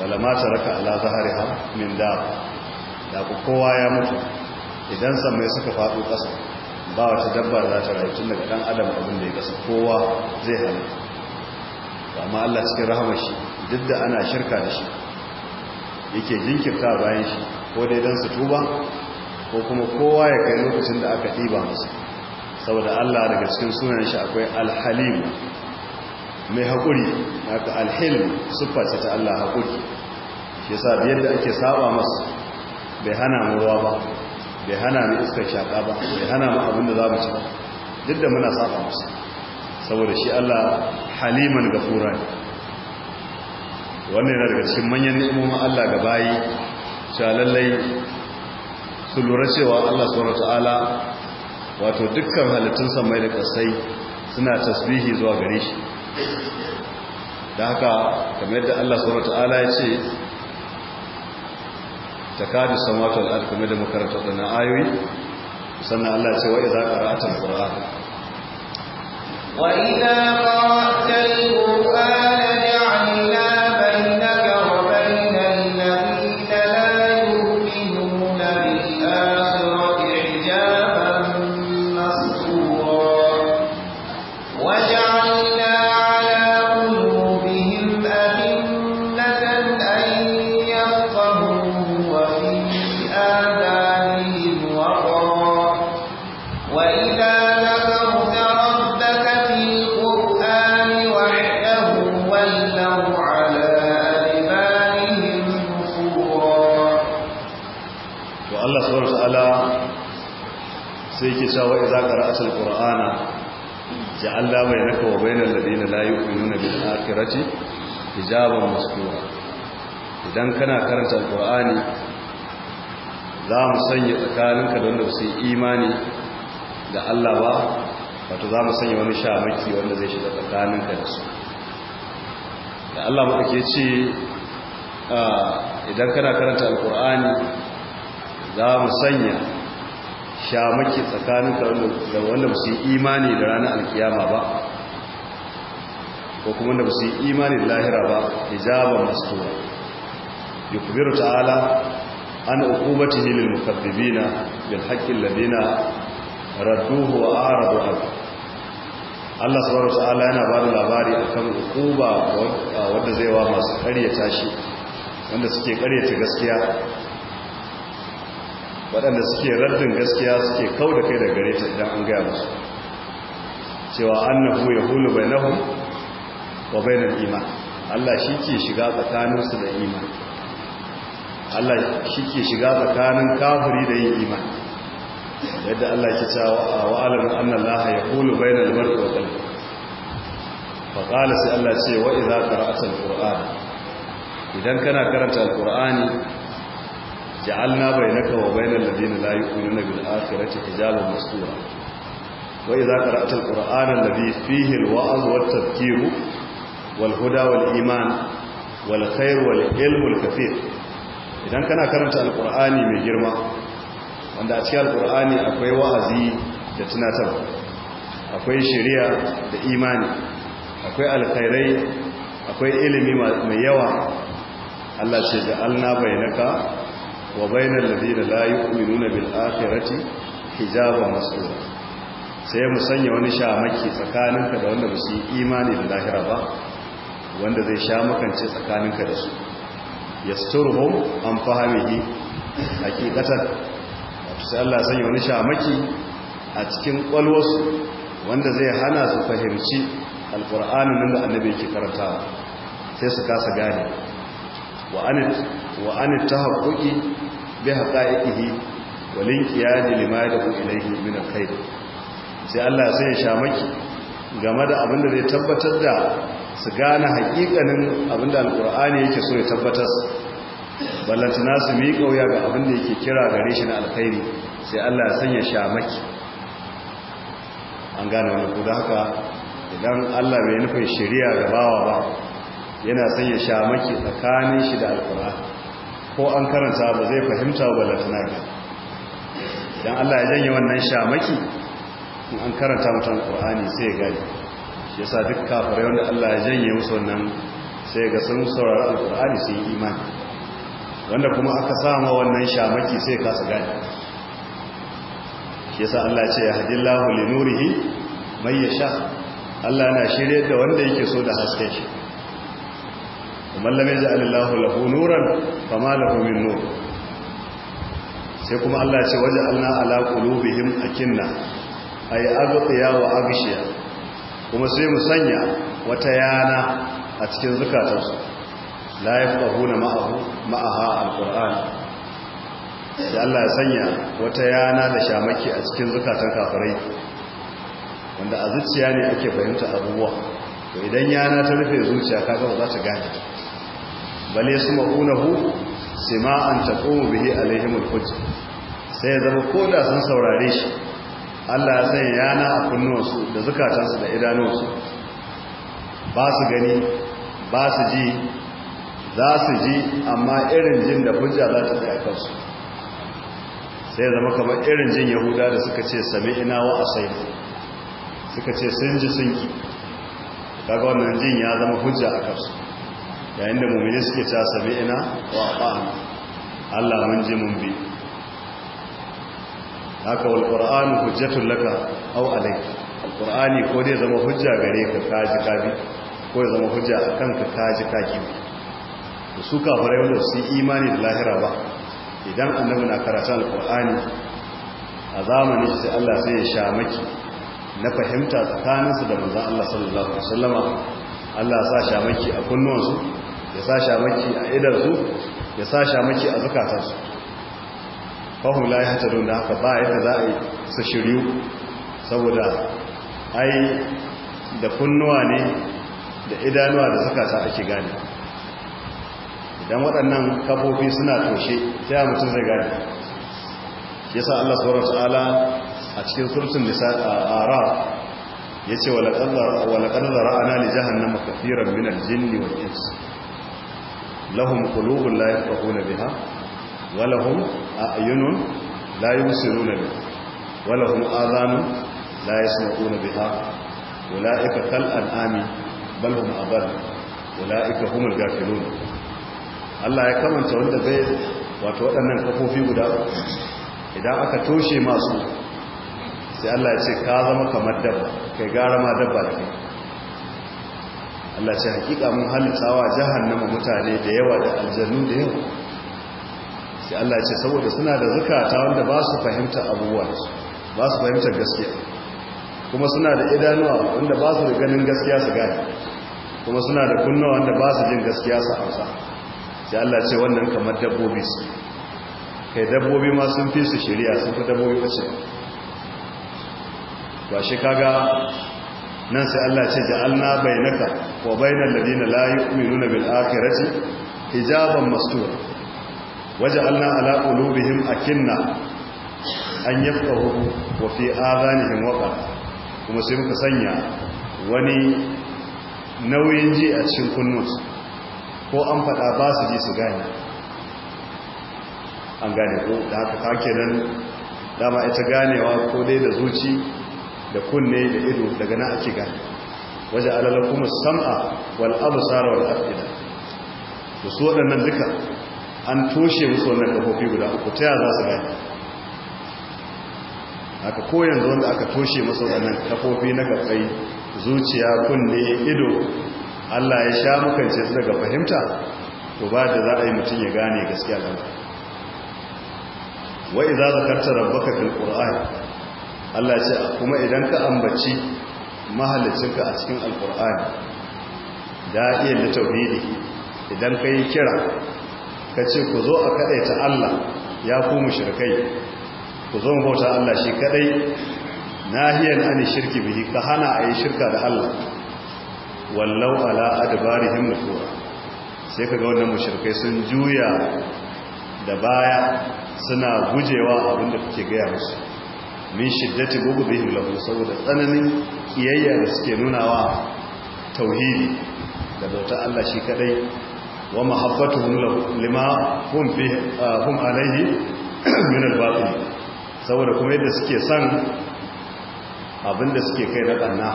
Speaker 1: wala ma raka ala zahariha min da da ku kowa ya mutu idan samai suka faɗo ƙasa ba wata dabbar za ta rayu tun daga ɗan adam abin da ya ƙasa kowa zai halitta amma Allah cikin rahamar shi duk da ana shirka da shi yake jinkirta bayan shi ko dai don su tuba ko kuma kowa ya kai lokacin da aka ɗiba masa saboda Allah daga cikin sunan shi akwai alhalim mai haƙuri haka alhalim siffa ce ta Allah haƙuri shi yasa yadda ake saba masa bai hana mu ruwa ba bai hana mu iska shaƙa ba bai hana mu abin da za mu ci ba duk da muna saba masa saboda shi Allah haliman gafura ne wannan yana daga cikin manyan ni'imomin Allah ga bayi shalallai. lallai su lura cewa Allah subhanahu ta'ala wato dukkan halittun samai da kasai suna tasbihi zuwa gare shi da haka kamar yadda Allah subhanahu ta'ala ya ce ta kaji wal ardi kamar da makarantar da na ayoyi sannan Allah ce wa idza qara'atul qur'an
Speaker 2: a idza qara'atul
Speaker 1: Allah mai naka wa bainal ladina la nuna bin akhirati hijaban mastura idan kana karanta alqur'ani za mu sanya tsakaninka da wanda su imani da Allah ba wato za mu sanya wani shamaki wanda zai shiga tsakaninka da su da Allah muka ke ce ah, idan kana karanta alqur'ani za mu sanya shamaki tsakanin da wanda su yi imani da ranar alkiyama ba ko kuma wanda su yi imani da lahira ba hijaban mastura kubiru ta'ala an uqubatihi lil mukaththibina bil haqqi ladina radduhu wa aradu an Allah subhanahu wa ta'ala yana ba da labari akan hukuma wanda zai wa masu karyata shi wanda suke karyata gaskiya waɗanda suke raddin gaskiya suke kau da kai da gare ta idan an gaya musu cewa annahu ya hulu bai nahu wa bai nan iman Allah shi ke shiga tsakaninsu da iman Allah shi ke shiga tsakanin kafiri da yin iman yadda Allah ke ta wa alamin annan laha ya hulu bai nan bar wa faƙala sai Allah ce wa iza qara'ata al idan kana karanta al ja'alna bainaka wa bainal ladina la yu'minuna bil akhirati hijaban mastura wa idza qara'ta al qur'ana alladhi fihi al wa'z wat wal iman wal idan kana karanta al qur'ani mai girma wanda a cikin al qur'ani akwai wa'azi da tunatarwa akwai shari'a da imani akwai alkhairai akwai ilimi mai yawa Allah ce ja'alna bainaka wa bainal ladina la yu'minuna bil akhirati hijaban masu sai mu sanya wani shamaki tsakaninka da wanda ba yi imani da lahira ba wanda zai sha makance tsakaninka da su ya yasturhum an fahimihi hakikatan wato sai Allah sanya wani shamaki a cikin kwalwarsu wanda zai hana su fahimci alkur'ani nan da annabi ke karantawa sai su kasa gane wa ta tahaqquqi bi haqa'iqihi wa linqiyadi lima yad'u ilayhi min alkhair sai Allah sai ya maki. game da abin da zai tabbatar da su gane hakikanin abin da alqur'ani yake so ya tabbatar ballantana su mi wuya ga abin da yake kira gare shi na alkhairi sai Allah ya sanya maki. an gane wannan ko da haka idan Allah bai nufin shari'a ga bawa ba yana sanya shamaki tsakanin shi da alkur'ani. ko an karanta ba zai fahimta ba latina ga don Allah ya janye wannan shamaki in an karanta mutum ƙwa'ani sai gani shi yasa duk kafirai wanda Allah ya janye musu wannan sai ga sun saurara alƙwa'ani sun yi imani wanda kuma aka sama wannan shamaki sai kasa gani shi yasa Allah ce ya hadin lahu linurihi mai ya sha Allah na shirye da wanda yake so da hasken shi kuma lam yaj'al Allahu lahu nuran fama lahu min nur sai kuma Allah ce bihim ala kinna a yi aghtiya wa aghshiya kuma sai mu sanya wata yana a cikin zukatansu la yafqahuna ma'ahu ma'aha alquran sai Allah ya sanya wata yana da shamaki a cikin zukatan kafirai wanda a zuciya ne ake fahimta abubuwa to idan yana ta rufe zuciya kaga ba za ta gane bale yasma'unahu sima'an taqumu bihi alaihim alhujj sai ya zama ko da sun saurare shi Allah ya sanya yana a kunnuwansu da zukatansu da idanuwansu ba su gani ba su ji za su ji amma irin jin da hujja za ta tsaye a kansu sai ya zama kamar irin jin yahuda da suka ce sami ina wa sai suka ce sun ji sun ki kaga wannan jin ya zama hujja a kansu yayin da mummini suke ta sami ina wa ba'ana Allah mun ji mun bi haka wal qur'anu hujjatul laka au alai al qur'ani ko dai zama hujja gare ka kaji kabi ko zama hujja akan ka kaji kaki su kafirai wanda su imani da lahira ba idan annabi na karatun alkur'ani a zamanin sai Allah sai ya sha maki na fahimta tsakaninsu da manzan Allah sallallahu Alaihi wasallama Allah sa sha maki a kunnuwansu ya sa shamaki a idarsu ya sa shamaki a zukatarsu fahim layi don da haka ba yadda za a yi su shiryu saboda ai da kunnuwa ne da idanuwa da suka ake gani idan waɗannan kafofi suna toshe ta mutum zai gane sa Allah sauran su'ala a cikin surtun nisa a yace ya ce wala qadara ana li jahannama kaseeran min jinni wal lahum qulubun la yafqahuna biha wa lahum a'yunun la yubsiruna biha wa lahum adhanun la yasma'una biha ulaika kal an'ami bal hum adall ulaika humul ghafilun Allah ya kamanta wanda zai wato waɗannan kafofi guda idan aka toshe masu sai Allah ya ce ka zama kamar dabba kai gara ma dabba da kai Allah ce hakika mun halittawa jahannama mutane da yawa da aljannu da yawa sai Allah ce saboda suna da zukata wanda ba su fahimta abubuwa ba su fahimta gaskiya kuma suna da idanuwa wanda ba su da ganin gaskiya su gane kuma suna da kunnuwa wanda ba su jin gaskiya su amsa sai Allah ce wannan kamar dabbobi su kai dabbobi ma sun fi su shari'a sun fi dabbobi ɓace ba shi kaga nan sai Allah ce ja'alna bainaka wa bainal ladina la yu'minuna bil akhirati hijaban mastura waja'alna ala qulubihim akinna an yafqahu wa fi adhanihim waqa kuma sai muka sanya wani nauyin ji a cikin kunnu ko an faɗa ba su ji su gane an gane ko da haka kake nan dama ita ganewa ko dai da zuci da kunne da ido daga na ake gani waje alala kuma sam'a wal absara wal afida da su waɗannan duka an toshe musu wannan kafofi guda uku ta za su gani aka koyan zuwan da aka toshe musu waɗannan kafofi na gabbai zuciya kunne ido Allah ya sha mukance su daga fahimta to ba da za a yi mutum ya gane gaskiya lamarin wa idza zakarta rabbaka fil qur'an Allah ce kuma idan ka ambaci ka a cikin alkur'ani iya da tauhidi idan ka yi kira ka ce ku zo a ta Allah ya ku mushrikai ku zo mu bauta Allah shi kadai nahiyan an shirki bihi ka hana a yi shirka da Allah wallau ala adbarihim nufura sai kaga wannan mushrikai sun juya da baya suna gujewa abinda kake gaya musu min shiddati bughdihim lahu saboda tsananin kiyayya da suke nuna wa tauhidi da bauta Allah shi kadai wa mahabbatuhum lima hum fi ah, hum alaihi min al-batil saboda kuma yadda suke san abinda suke kai na banna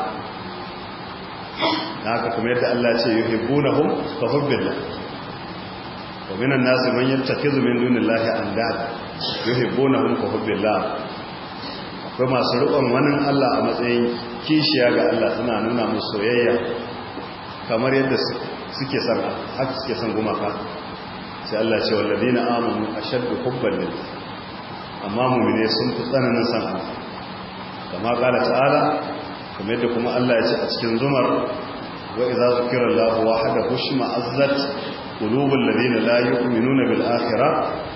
Speaker 1: haka kuma yadda Allah ce yuhibbunahum ka hubbillah wa minan nasi man yattakhidhu min dunillahi andada yuhibbunahum ka hubbillah akwai masu riƙon wani Allah a matsayin kishiya ga Allah suna nuna musu soyayya kamar yadda suke san haka suke san gumaka sai Allah ce walladina amanu ashaddu hubban lil amma mu'mine sun fi tsananin san Allah kama qala ta'ala kuma yadda kuma Allah ya ce a cikin zumar wa idza zukira Allah wahdahu shma'azzat qulubul ladina la yu'minuna bil akhirah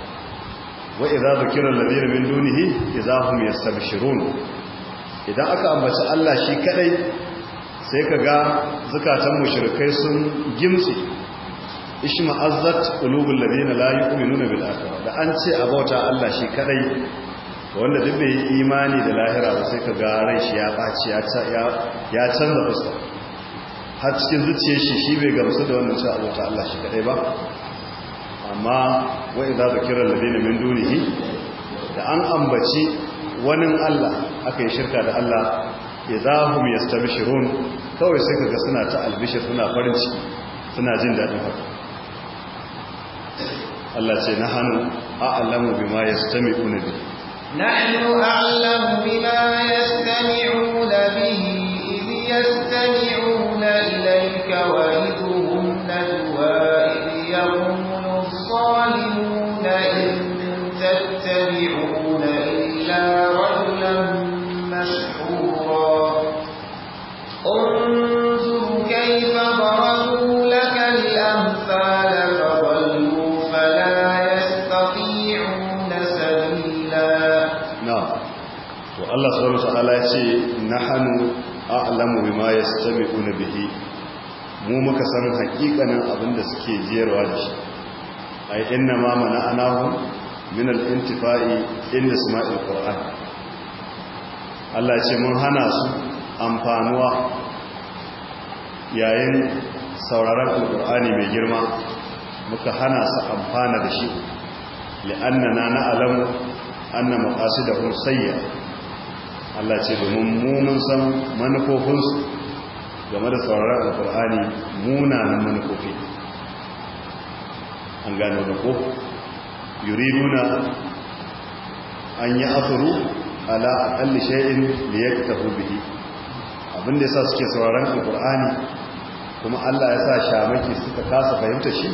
Speaker 1: wa idza dhukira alladhina min dunihi idza hum yastabshirun idan aka ambaci Allah shi kadai sai kaga zakatan mushrikai sun gimtsi ishma azzat qulubul ladina la yu'minuna bil akhirah da an ce abauta Allah shi kadai wanda duk bai imani da lahira ba sai kaga rai shi ya baci ya canza fuska har cikin zuciyar shi shi bai gamsu da wannan cewa abauta Allah shi kadai ba amma wai za su kira ladina min dunihi da an ambaci wani Allah aka yi shirka da Allah za idahum yastabshirun kawai sai kaga suna ta albishir suna farin ciki suna jin daɗin haka Allah ce na hannu a'lamu bima yastami'una bi
Speaker 2: nahnu a'lamu bima yastami'una bihi idh yastami'una ilayka wa
Speaker 1: a'lamu bima yastami'una bihi mu muka san hakikanin abin da suke jiyarwa da shi ai inna ma mana anahu min al-intifa'i inda sama'il qur'an Allah ce mun hana su amfanuwa yayin sauraron alkur'ani mai girma muka hana su amfana da shi li'annana na'lamu anna maqasidahum sayyi'a Allah ce domin san manufofinsu game da sauraron alkur'ani munanan manufofi an gano da ko yuriduna an yi asuru ala akalli shay'in da ya tafi bihi abinda yasa suke sauraron alkur'ani kuma Allah ya sa shamaki suka kasa fahimta shi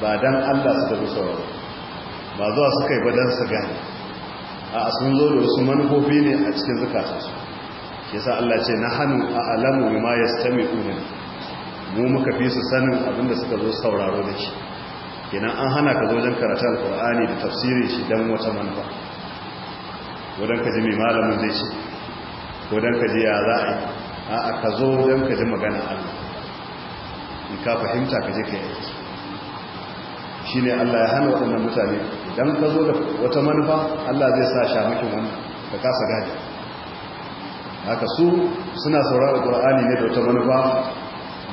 Speaker 1: ba dan Allah suka bi sauraro ba zuwa suka yi ba dan su gane a sun zo da wasu manufofi ne a cikin zukatansu ya sa Allah ce na hannu a alamu ma ya sami unin mu muka fi su sanin abinda suka zo sauraro da shi kenan an hana ka zo wajen karatu Alƙur'ani da tafsirin shi don wata manufa wadan ka ji mai malamin zai ce wadan ka ji ya za a a ka zo don ka ji magana Allah in ka fahimta ka je ka yi shi ne Allah ya hana waɗannan mutane Idan ka zo da wata manufa Allah zai sa shamakin wannan ka kasa gadi haka su suna saurara qur'ani ne da wata manufa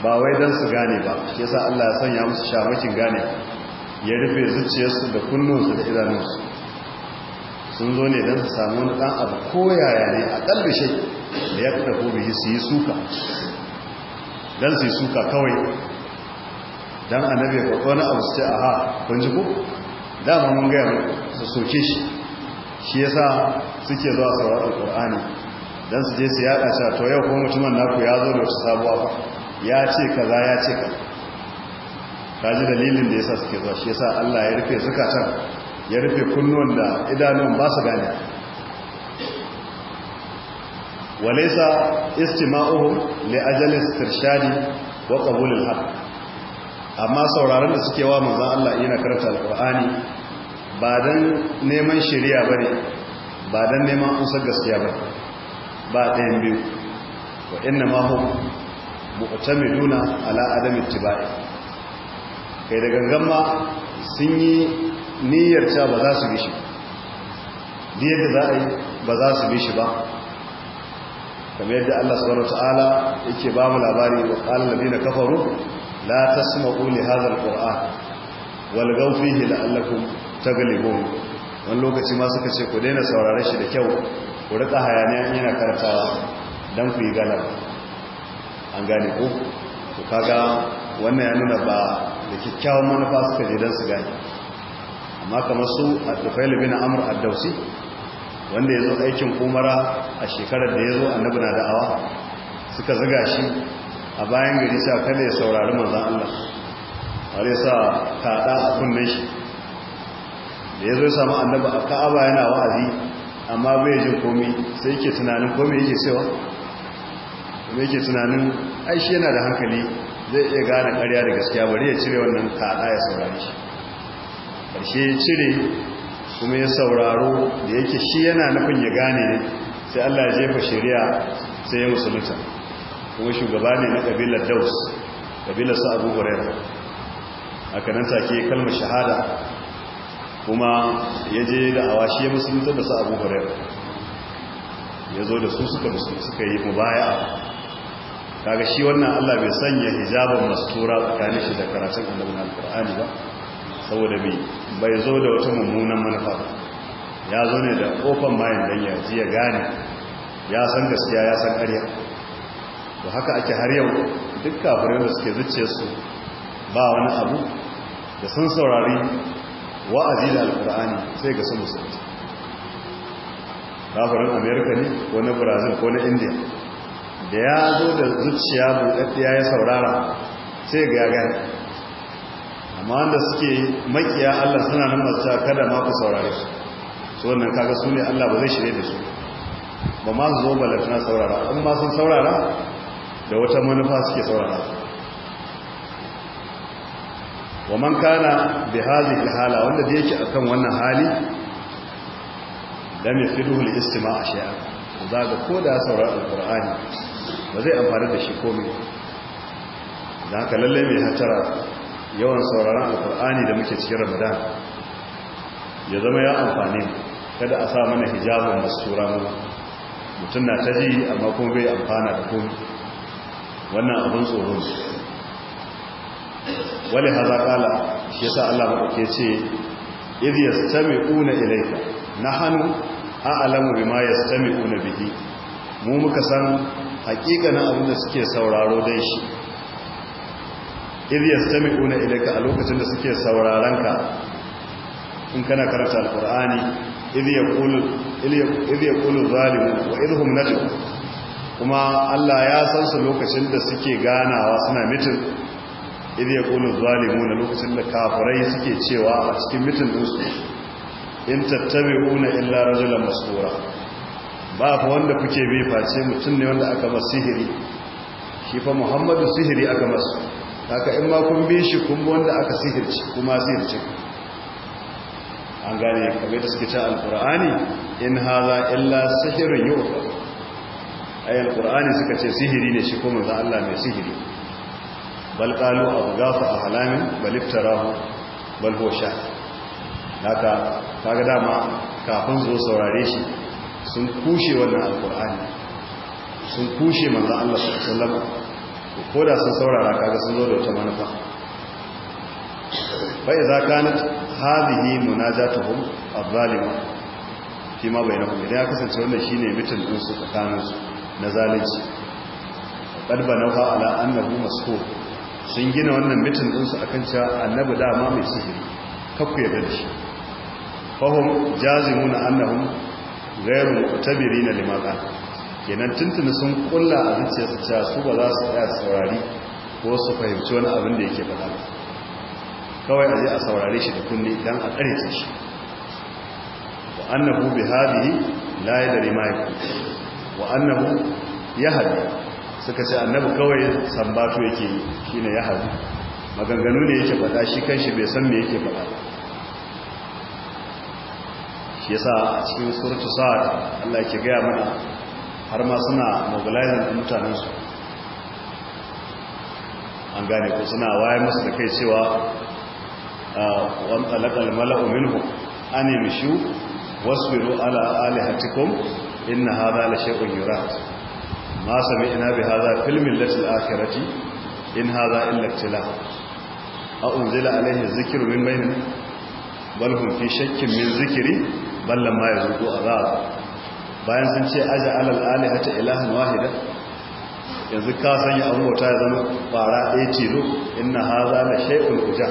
Speaker 1: ba wai dan su gane ba shi yasa Allah ya sanya musu shamakin gane ya rufe zuciyarsu da kunnunsu da idanunsu sun zo ne dan su samu wani dan abu koyaya ne a kalbi shi da ya kuda ko su yi suka dan su yi suka kawai dan annabi ya faɗo wani abu su ce aha kun ji ku. dama mun gaya su soke shi shi yasa suke zuwa sauraron alkur'ani dan su je su yada cewa to yau ko mutumin naku ya zo da sabuwa ya ce kaza ya ce Ka kaji dalilin da yasa suke zuwa shi yasa Allah ya rufe zukatan ya rufe kunnuwan da idanun ba su gane walaysa istima'uhum li ajali istirshadi wa qabulil haqq amma sauraron da suke wa manzan Allah yana karanta alkur'ani ba don neman shari'a ba ne ba don neman ansar gaskiya ba ba ɗayan biyu wa inna ma mai mu'tamiduna ala adamin tibai kai da gangan ma sun yi niyyar cewa ba za su bi shi da yadda za a yi ba za su bi shi ba kamar yadda Allah subhanahu wa ta'ala yake ba mu labari wa qala alladhina kafaru la تسمعوا لهذا hadha alquran فيه fihi تغلبون wani lokaci ma suka ce ku daina saurare shi da kyau ku rika hayaniya yana karatawa dan ku yi galaba an gane ku to kaga wannan ya nuna ba da kyakkyawan manufa suka je dan su gani amma kamar su at bin amr ad wanda ya zo aikin kumara a shekarar da ya zo annabi na da'awa suka ziga shi a bayan gari sa kada ya saurari manzan Allah har ya sa kaɗa a kunnen shi da ya zo ya samu annaba a ka'aba yana wa'azi amma bai jin komi sai yake tunanin komi yake cewa kuma yake tunanin aishi yana da hankali zai iya gane karya da gaskiya bari ya cire wannan kaɗa ya saurari shi ƙarshe ya cire kuma ya sauraro da yake shi yana nufin ya gane ne sai Allah ya jefa shari'a sai ya musulunta kuma shugaba ne na kabilar daus kabilar sa abu hurairu a kanan take kalmar shahada kuma ya je da shi ya musulunta da sa abu hurairu ya zo da su suka suka yi mubaya kaga shi wannan Allah bai sanya hijaban mastura tsakanin shi da karatun annabin alkur'ani ba saboda bai bai zo da wata mummunan manufa ya zo ne da open mind dan ya ji ya gane ya san gaskiya ya san ƙarya to haka ake har yau duk kafirai da suke zuciya su ba wani abu da sun saurari wa'azi da alkur'ani sai ga su musulunci kafirin amerika ne ko na brazil ko na india da ya zo da zuciya buɗaɗɗiya ya saurara sai ga gani amma wanda suke makiya allah suna nan masu kada ma ku saurari su su wannan kaga su ne allah ba zai shirye da su ba ma su zo ba lafina saurara in ma sun saurara da wata manufa suke saurara wa man kana bi hadhihi hala wanda da yake akan wannan hali dan yafiduhu al-istima' shay'an zaga ko da saurara alqur'ani ba zai amfana da shi komai da haka lalle mai hatara yawan sauraron alqur'ani da muke cikin ramadan ya zama ya amfane kada a sa mana hijabun masura mutum na ta ji amma kuma bai amfana da komai wannan abin tsoro ne wani haza kala shi sa Allah ke ce idh yastami'una ilayka nahnu a'lamu bima yastami'una bihi mu muka san hakikanin abin da suke sauraro dai shi idh yastami'una ilaika a lokacin da suke sauraron ka in kana karanta alqur'ani idh yaqulu idh yaqulu zalimu wa idhum najwa kuma Allah ya san su lokacin da suke ganawa suna mitin idan ya kulu zalimu na lokacin da kafirai suke cewa a cikin mitin dusu. in una illa rajula masura ba fa wanda kuke bi face mutum ne wanda aka masa sihiri shi fa Muhammadu sihiri aka masu. haka in ma kun bi shi kun wanda aka sihirci kuma sihirci an gane kabe da suke ta alqur'ani in hadha illa sihrun yu'ta ayal qur'ani suka ce sihiri ne shi ko manzo Allah mai sihiri bal abu gafa a halamin iftarahu bal huwa sha haka kaga dama kafin zo saurare shi sun kushe wannan alqur'ani sun kushe manzo Allah sallallahu alaihi ko da sun saurara kaga sun zo da wata manufa fa idza kanat hadhihi munajatuhum ma dhalima fima bainahum idan ya kasance wannan shine mitin din su tsakaninsu na zalunci ƙarfa na fa'ala annabu masu sun gina wannan mitin ɗinsu a kan cewa annabi dama mai sihiri kakku ya ganci fahim jazimu na annabu gairu tabiri na limaka kenan tuntuni sun kulla a su cewa su ba za su ɗaya saurari ko su fahimci wani abin da yake faɗa kawai a je a saurari shi da kunne don a ƙarfe shi wa annahu bi hadihi la yadri ma wa ya hadu suka ce annabu kawai sambatu yake yi ya hadu maganganu ne yake faɗa shi kanshi bai san me yake faɗa shi yasa a cikin suratu sa'ad Allah yake gaya mana har ma suna mobilizing mutanen su an gane ko suna waye musu da kai cewa ah, wan talaqal mala'u minhu an wasu wasbiru ala alihatikum inna hadha la shay'un yura ma sami'na bi hadha filmin millati al akhirati in hadha illa iktila a unzila alayhi dhikru min bainina bal hum fi shakkin min dhikri bal lamma yazuqu azab bayan sun ce aja alal alihata ilahan wahida yanzu ka sanya abubuwa ya zama fara ɗaya tilo inna hadha la shay'un uja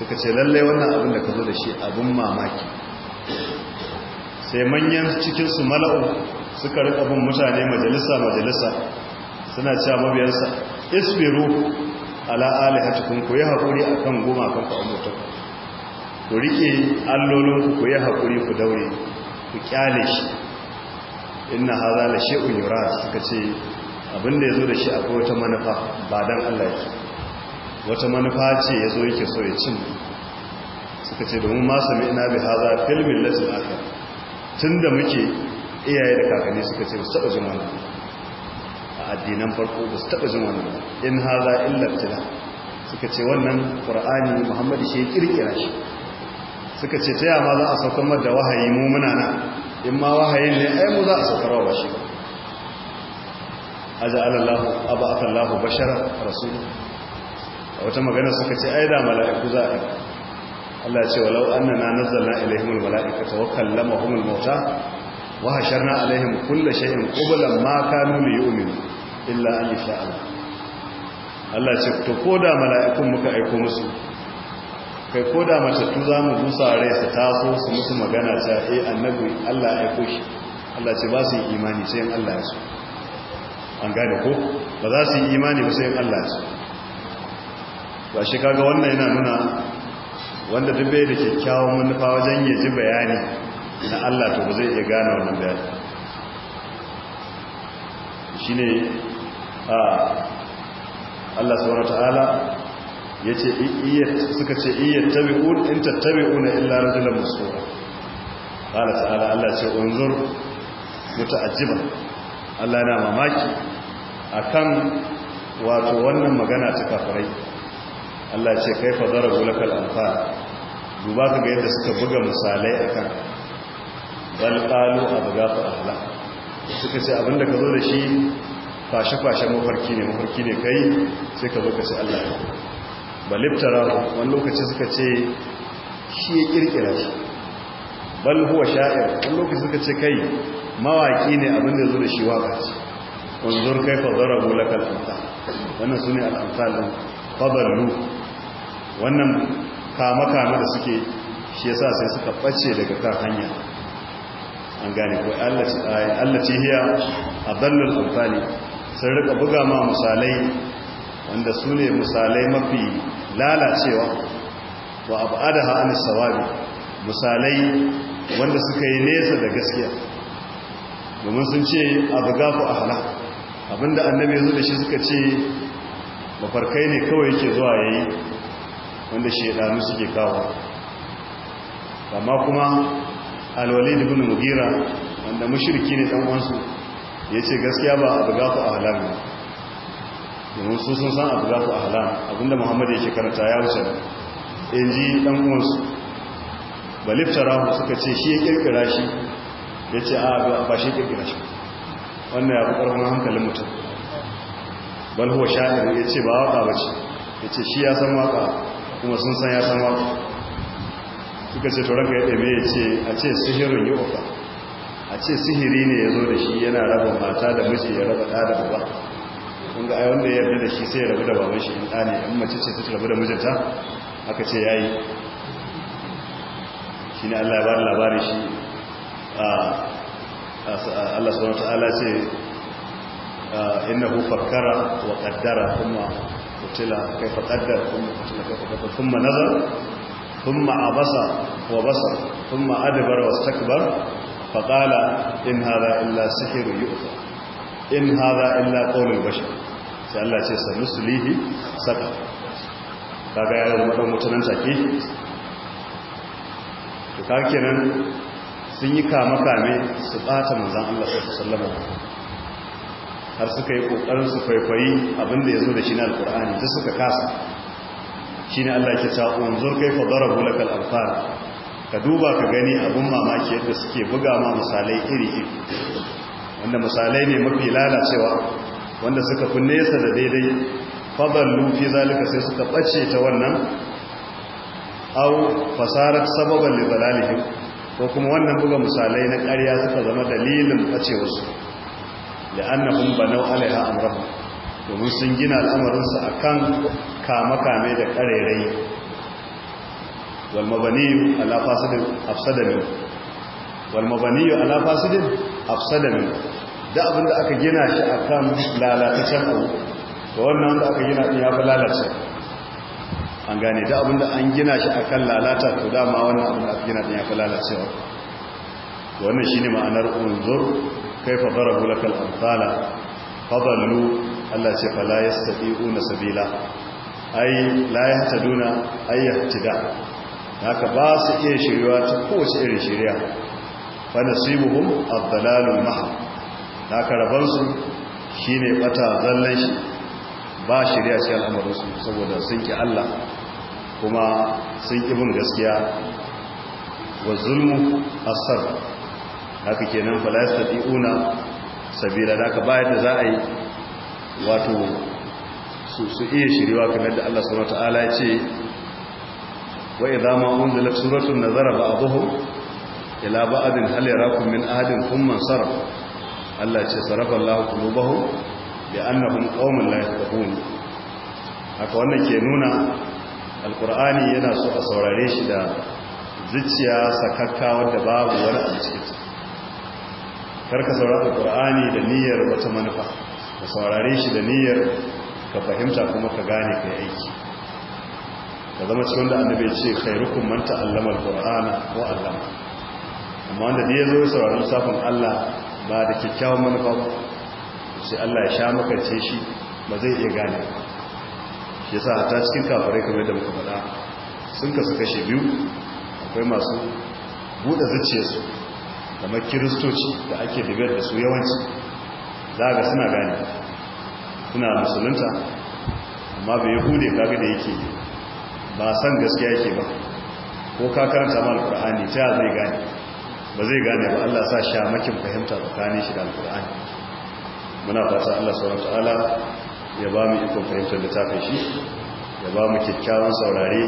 Speaker 1: suka ce lallai wannan abin da ka zo da shi abun mamaki sai manyan cikinsu mala'u suka rika bin mutane majalisa-majalisa suna cewa mabiyansa isbiru ala alihatikun ku yi haƙuri a kan goma kan fa'amutu ku riƙe allolinku ku yi haƙuri ku daure ku ƙyale shi inna haza da shi'un yura suka ce abinda ya zo da shi akwai wata manufa ba don allah yake wata manufa ce ya zo yake so ya cin suka ce domin masu mai ina bi haza filmin latin aka. tun da muke iyaye da kakanni suka ce su taɓa zuma a addinan farko ba su taɓa zuma in haza illar tila suka ce wannan ƙura'ani muhammadu shi ya ƙirƙira shi suka ce ta yama za a saukar da wahayi mu muna na in ma wahayin ne ai mu za a saukar wa shi aja alallahu abu akallahu bashara rasu a wata magana suka ce ai da mala'iku za a Allah ya ce walau annana nazzalna ilayhim almalaiika wa hum almauta wa hasharna alayhim kull shay'in qublan ma kanu yu'minu illa an yasha Allah Allah ya ce to koda mala'ikun muka aiko musu kai koda matattu za mu busa rai su taso su musu magana ta eh annabi Allah ya aiko shi Allah ce ba su yi imani sai in Allah ya so an gane ko ba za su yi imani ba sai in Allah ya so ba shi kaga wannan yana nuna wanda duk bai da kyakkyawan manufa wajen yi ji bayani na Allah to ba zai iya gane wannan bayani shi ne a Allah sauran ta'ala ya ce suka ce iya tabi'un in tattabi'una illa rajulan musuwa ƙala ta'ala Allah ce unzur muta'ajjiban Allah yana mamaki akan wato wannan magana ta kafirai Allah ce kai fa zarabu lakal amsal duba ka ga yadda suka buga misalai akan a buga fa ahla suka ce abinda ka zo da shi fashe fashe mafarki ne mafarki ne kai sai ka lokaci Allah bal iftara wani lokaci suka ce shi ya kirkira shi bal huwa sha'ir wani lokaci suka ce kai mawaki ne abinda zo da shi waka ce kai fa zara gulakar amsal wannan su sune al amsal fadallu wannan kama-kama da suke shi yasa sai suka ɓace daga kan hanya an gane ko Allah ce hiya a dallon amfani sun rika buga ma misalai wanda su ne misalai mafi lalacewa wa abu adaha an sawabi misalai wanda suka yi nesa da gaskiya domin sun ce abu gafu a hala abinda annabi ya zo da shi suka ce mafarkai ne kawai yake zuwa ya yi wanda shaidanu suke kawo amma kuma alwalid ibn mugira wanda mushriki ne dan uwansu yace gaskiya ba abu ku ahlam ne domin su sun san abu ku ahlan abinda muhammad yake karanta ya wuce in ji dan uwansu baliftara suka ce shi ya kirkira shi yace a ba shi kirkira shi wannan ya bukar karfin hankalin mutum bal huwa sha'ir yace ba waka bace yace shi ya san waka kuma sun san ya samar suka ce turanka ya ɗame ya ce a ce sihirin yi ofa a ce sihiri ne ya zo da shi yana raba mata da miji ya raba ɗa da baba kun ga ai wanda ya yarda da shi sai ya rabu da baban shi in ɗane in mace ce ta rabu da mijinta aka ce ya yi shi ne allah ya ba labarin shi allah subhanahu wa ta'ala ce innahu fakkara wa kaddara kuma kutila kai faɗaɗar kuma kutila kai faɗaɗar kuma nazar kuma abasa wa basa kuma adabar wa stakbar faƙala in hada illa sihiru yi uku in hada illa ƙaunin bashar sai Allah ce sa musulihi saka kaga yaron mutum mutanen take to kakenan sun yi kame su ɓata manzan Allah sallallahu alaihi wasallam har suka yi ƙoƙarin su faifayi abinda zo da shi na alqur'ani duk suka kasa shi shine Allah ke ta zo kai darabu lakal amsal ka duba ka gani abin mamaki yadda suke buga ma misalai iri iri wanda misalai ne mafi lalacewa wanda suka fi nesa da daidai faɗar lufi zalika sai suka ɓace ta wannan au fasarar sababar li ko kuma wannan buga misalai na ƙarya suka zama dalilin ɓacewarsu la'annahum banau alaiha amrahum domin sun gina al'amarinsu akan kame da karerai wal mabaniyu ala fasidin afsadamin wal mabaniyu afsadamin da abinda aka gina shi akan lalatacen abu da wannan wanda aka gina ya fi lalace an gane da abinda an gina shi akan lalata to dama wannan abinda aka gina ya fi lalacewa wannan ne ma'anar unzur kaifa darabu lakal amsala fadallu Allah ce fala yastati'una sabila ai la yahtaduna ay yahtida haka ba su iya shiriwa ta kowace irin shirya. fa nasibuhum ad-dalalul mahd haka rabansu shine bata zallan shi ba shiriya cikin al'amarinsu saboda sun ki Allah kuma sun ki bin gaskiya wa zulmu asar haka kenan fala yastati'una sabila da ka bayar da za a yi wato su iya shiriwa kamar da Allah subhanahu ta'ala ya ce wa idza ma unzilat suratun nazara ba'dhum ila ba'din hal yarakum min ahadin thumma sarf Allah ce sarafa Allah qulubahum bi annahum qaumun la yafqahun haka wannan ke nuna alqur'ani yana so a saurare shi da zuciya sakakka wanda babu wani a cikin karka saurara alkur'ani da niyyar wata manufa ka saurare shi da niyyar ka fahimta kuma ka gane kai aiki ka zama ci wanda annabi ya ce rukun manta allamar alqur'ana ko 'allama amma wanda da zo ya saurari safin Allah ba da kyakkyawan manufa sai Allah ya sha makarce shi ba zai iya gane shi yasa ta cikin kafirai kamar da muka faɗa sun kasu kashe biyu akwai masu buɗe zuciyarsu kamar kiristoci da ake digar da su yawanci za ga suna gane suna musulunta amma bai hude kaga da yake ba san gaskiya yake ba ko ka karanta ma alkur'ani ta ya zai gane ba zai gane ba Allah sa sha makin fahimta tsakanin shi da alkur'ani muna fata Allah sauran ta'ala ya ba mu ikon fahimtar littafin shi ya ba mu kyakkyawan saurare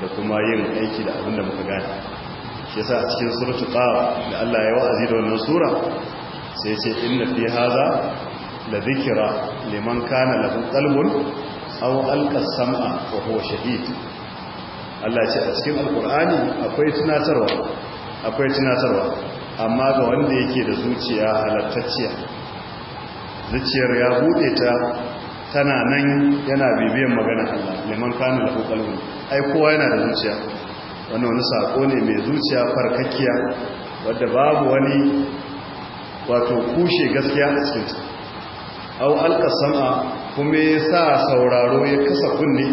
Speaker 1: da kuma yin aiki da abin da muka gane shi yasa a cikin suratul qaf da Allah ya wa'azi da wannan sura sai ce inna fi hadha la dhikra liman kana lahu qalbun aw alqa sam'a wa huwa shahid Allah ce a cikin alqur'ani akwai tunatarwa akwai tunatarwa amma ga wanda yake da zuciya halattacciya zuciyar ya bude ta tana nan yana bibiyan magana Allah liman kana lahu qalbun ai kowa yana da zuciya wannan wani sako ne mai zuciya farkakkiya wadda babu wani wato kushe gaskiya a cikinta au alka kuma ya sa sauraro ya kasa kunne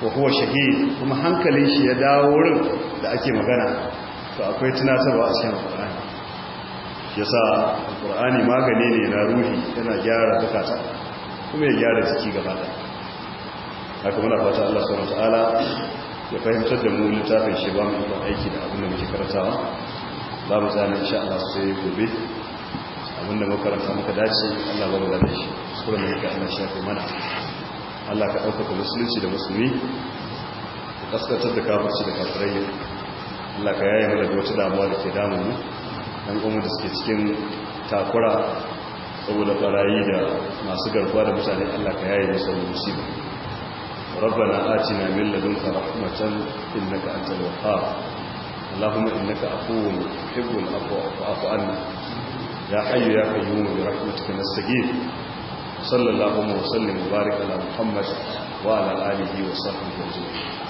Speaker 1: ko kuwa shahi kuma hankalin shi ya dawo wurin da ake magana to akwai tunatarwa a cikin alƙur'ani sa alƙur'ani magani ne na ruhi yana gyara zukata kuma ya gyara jiki gaba da haka muna fata Allah subhanahu ya fahimtar da mu littafin shi ba mu aiki da abin da muke karatawa ba mu zane insha Allah sai gobe abin da muka karanta muka dace Allah ba mu zane shi kuma ne ka Allah shafe mana Allah ka ɗaukaka musulunci da musulmi ka kaskantar da kafirci da kafirai Allah ka yaye mana da wata damuwa da ke damu mu dan umu da suke cikin takura saboda barayi da masu garkuwa da mutane Allah ka yaye musu musibi ربنا آتنا من لدنك رحمة إنك أنت الوهاب اللهم إنك عفو تحب العفو فاعف عنا يا حي يا قيوم برحمتك نستجيب صلى الله وسلم وبارك على محمد وعلى آله وصحبه أجمعين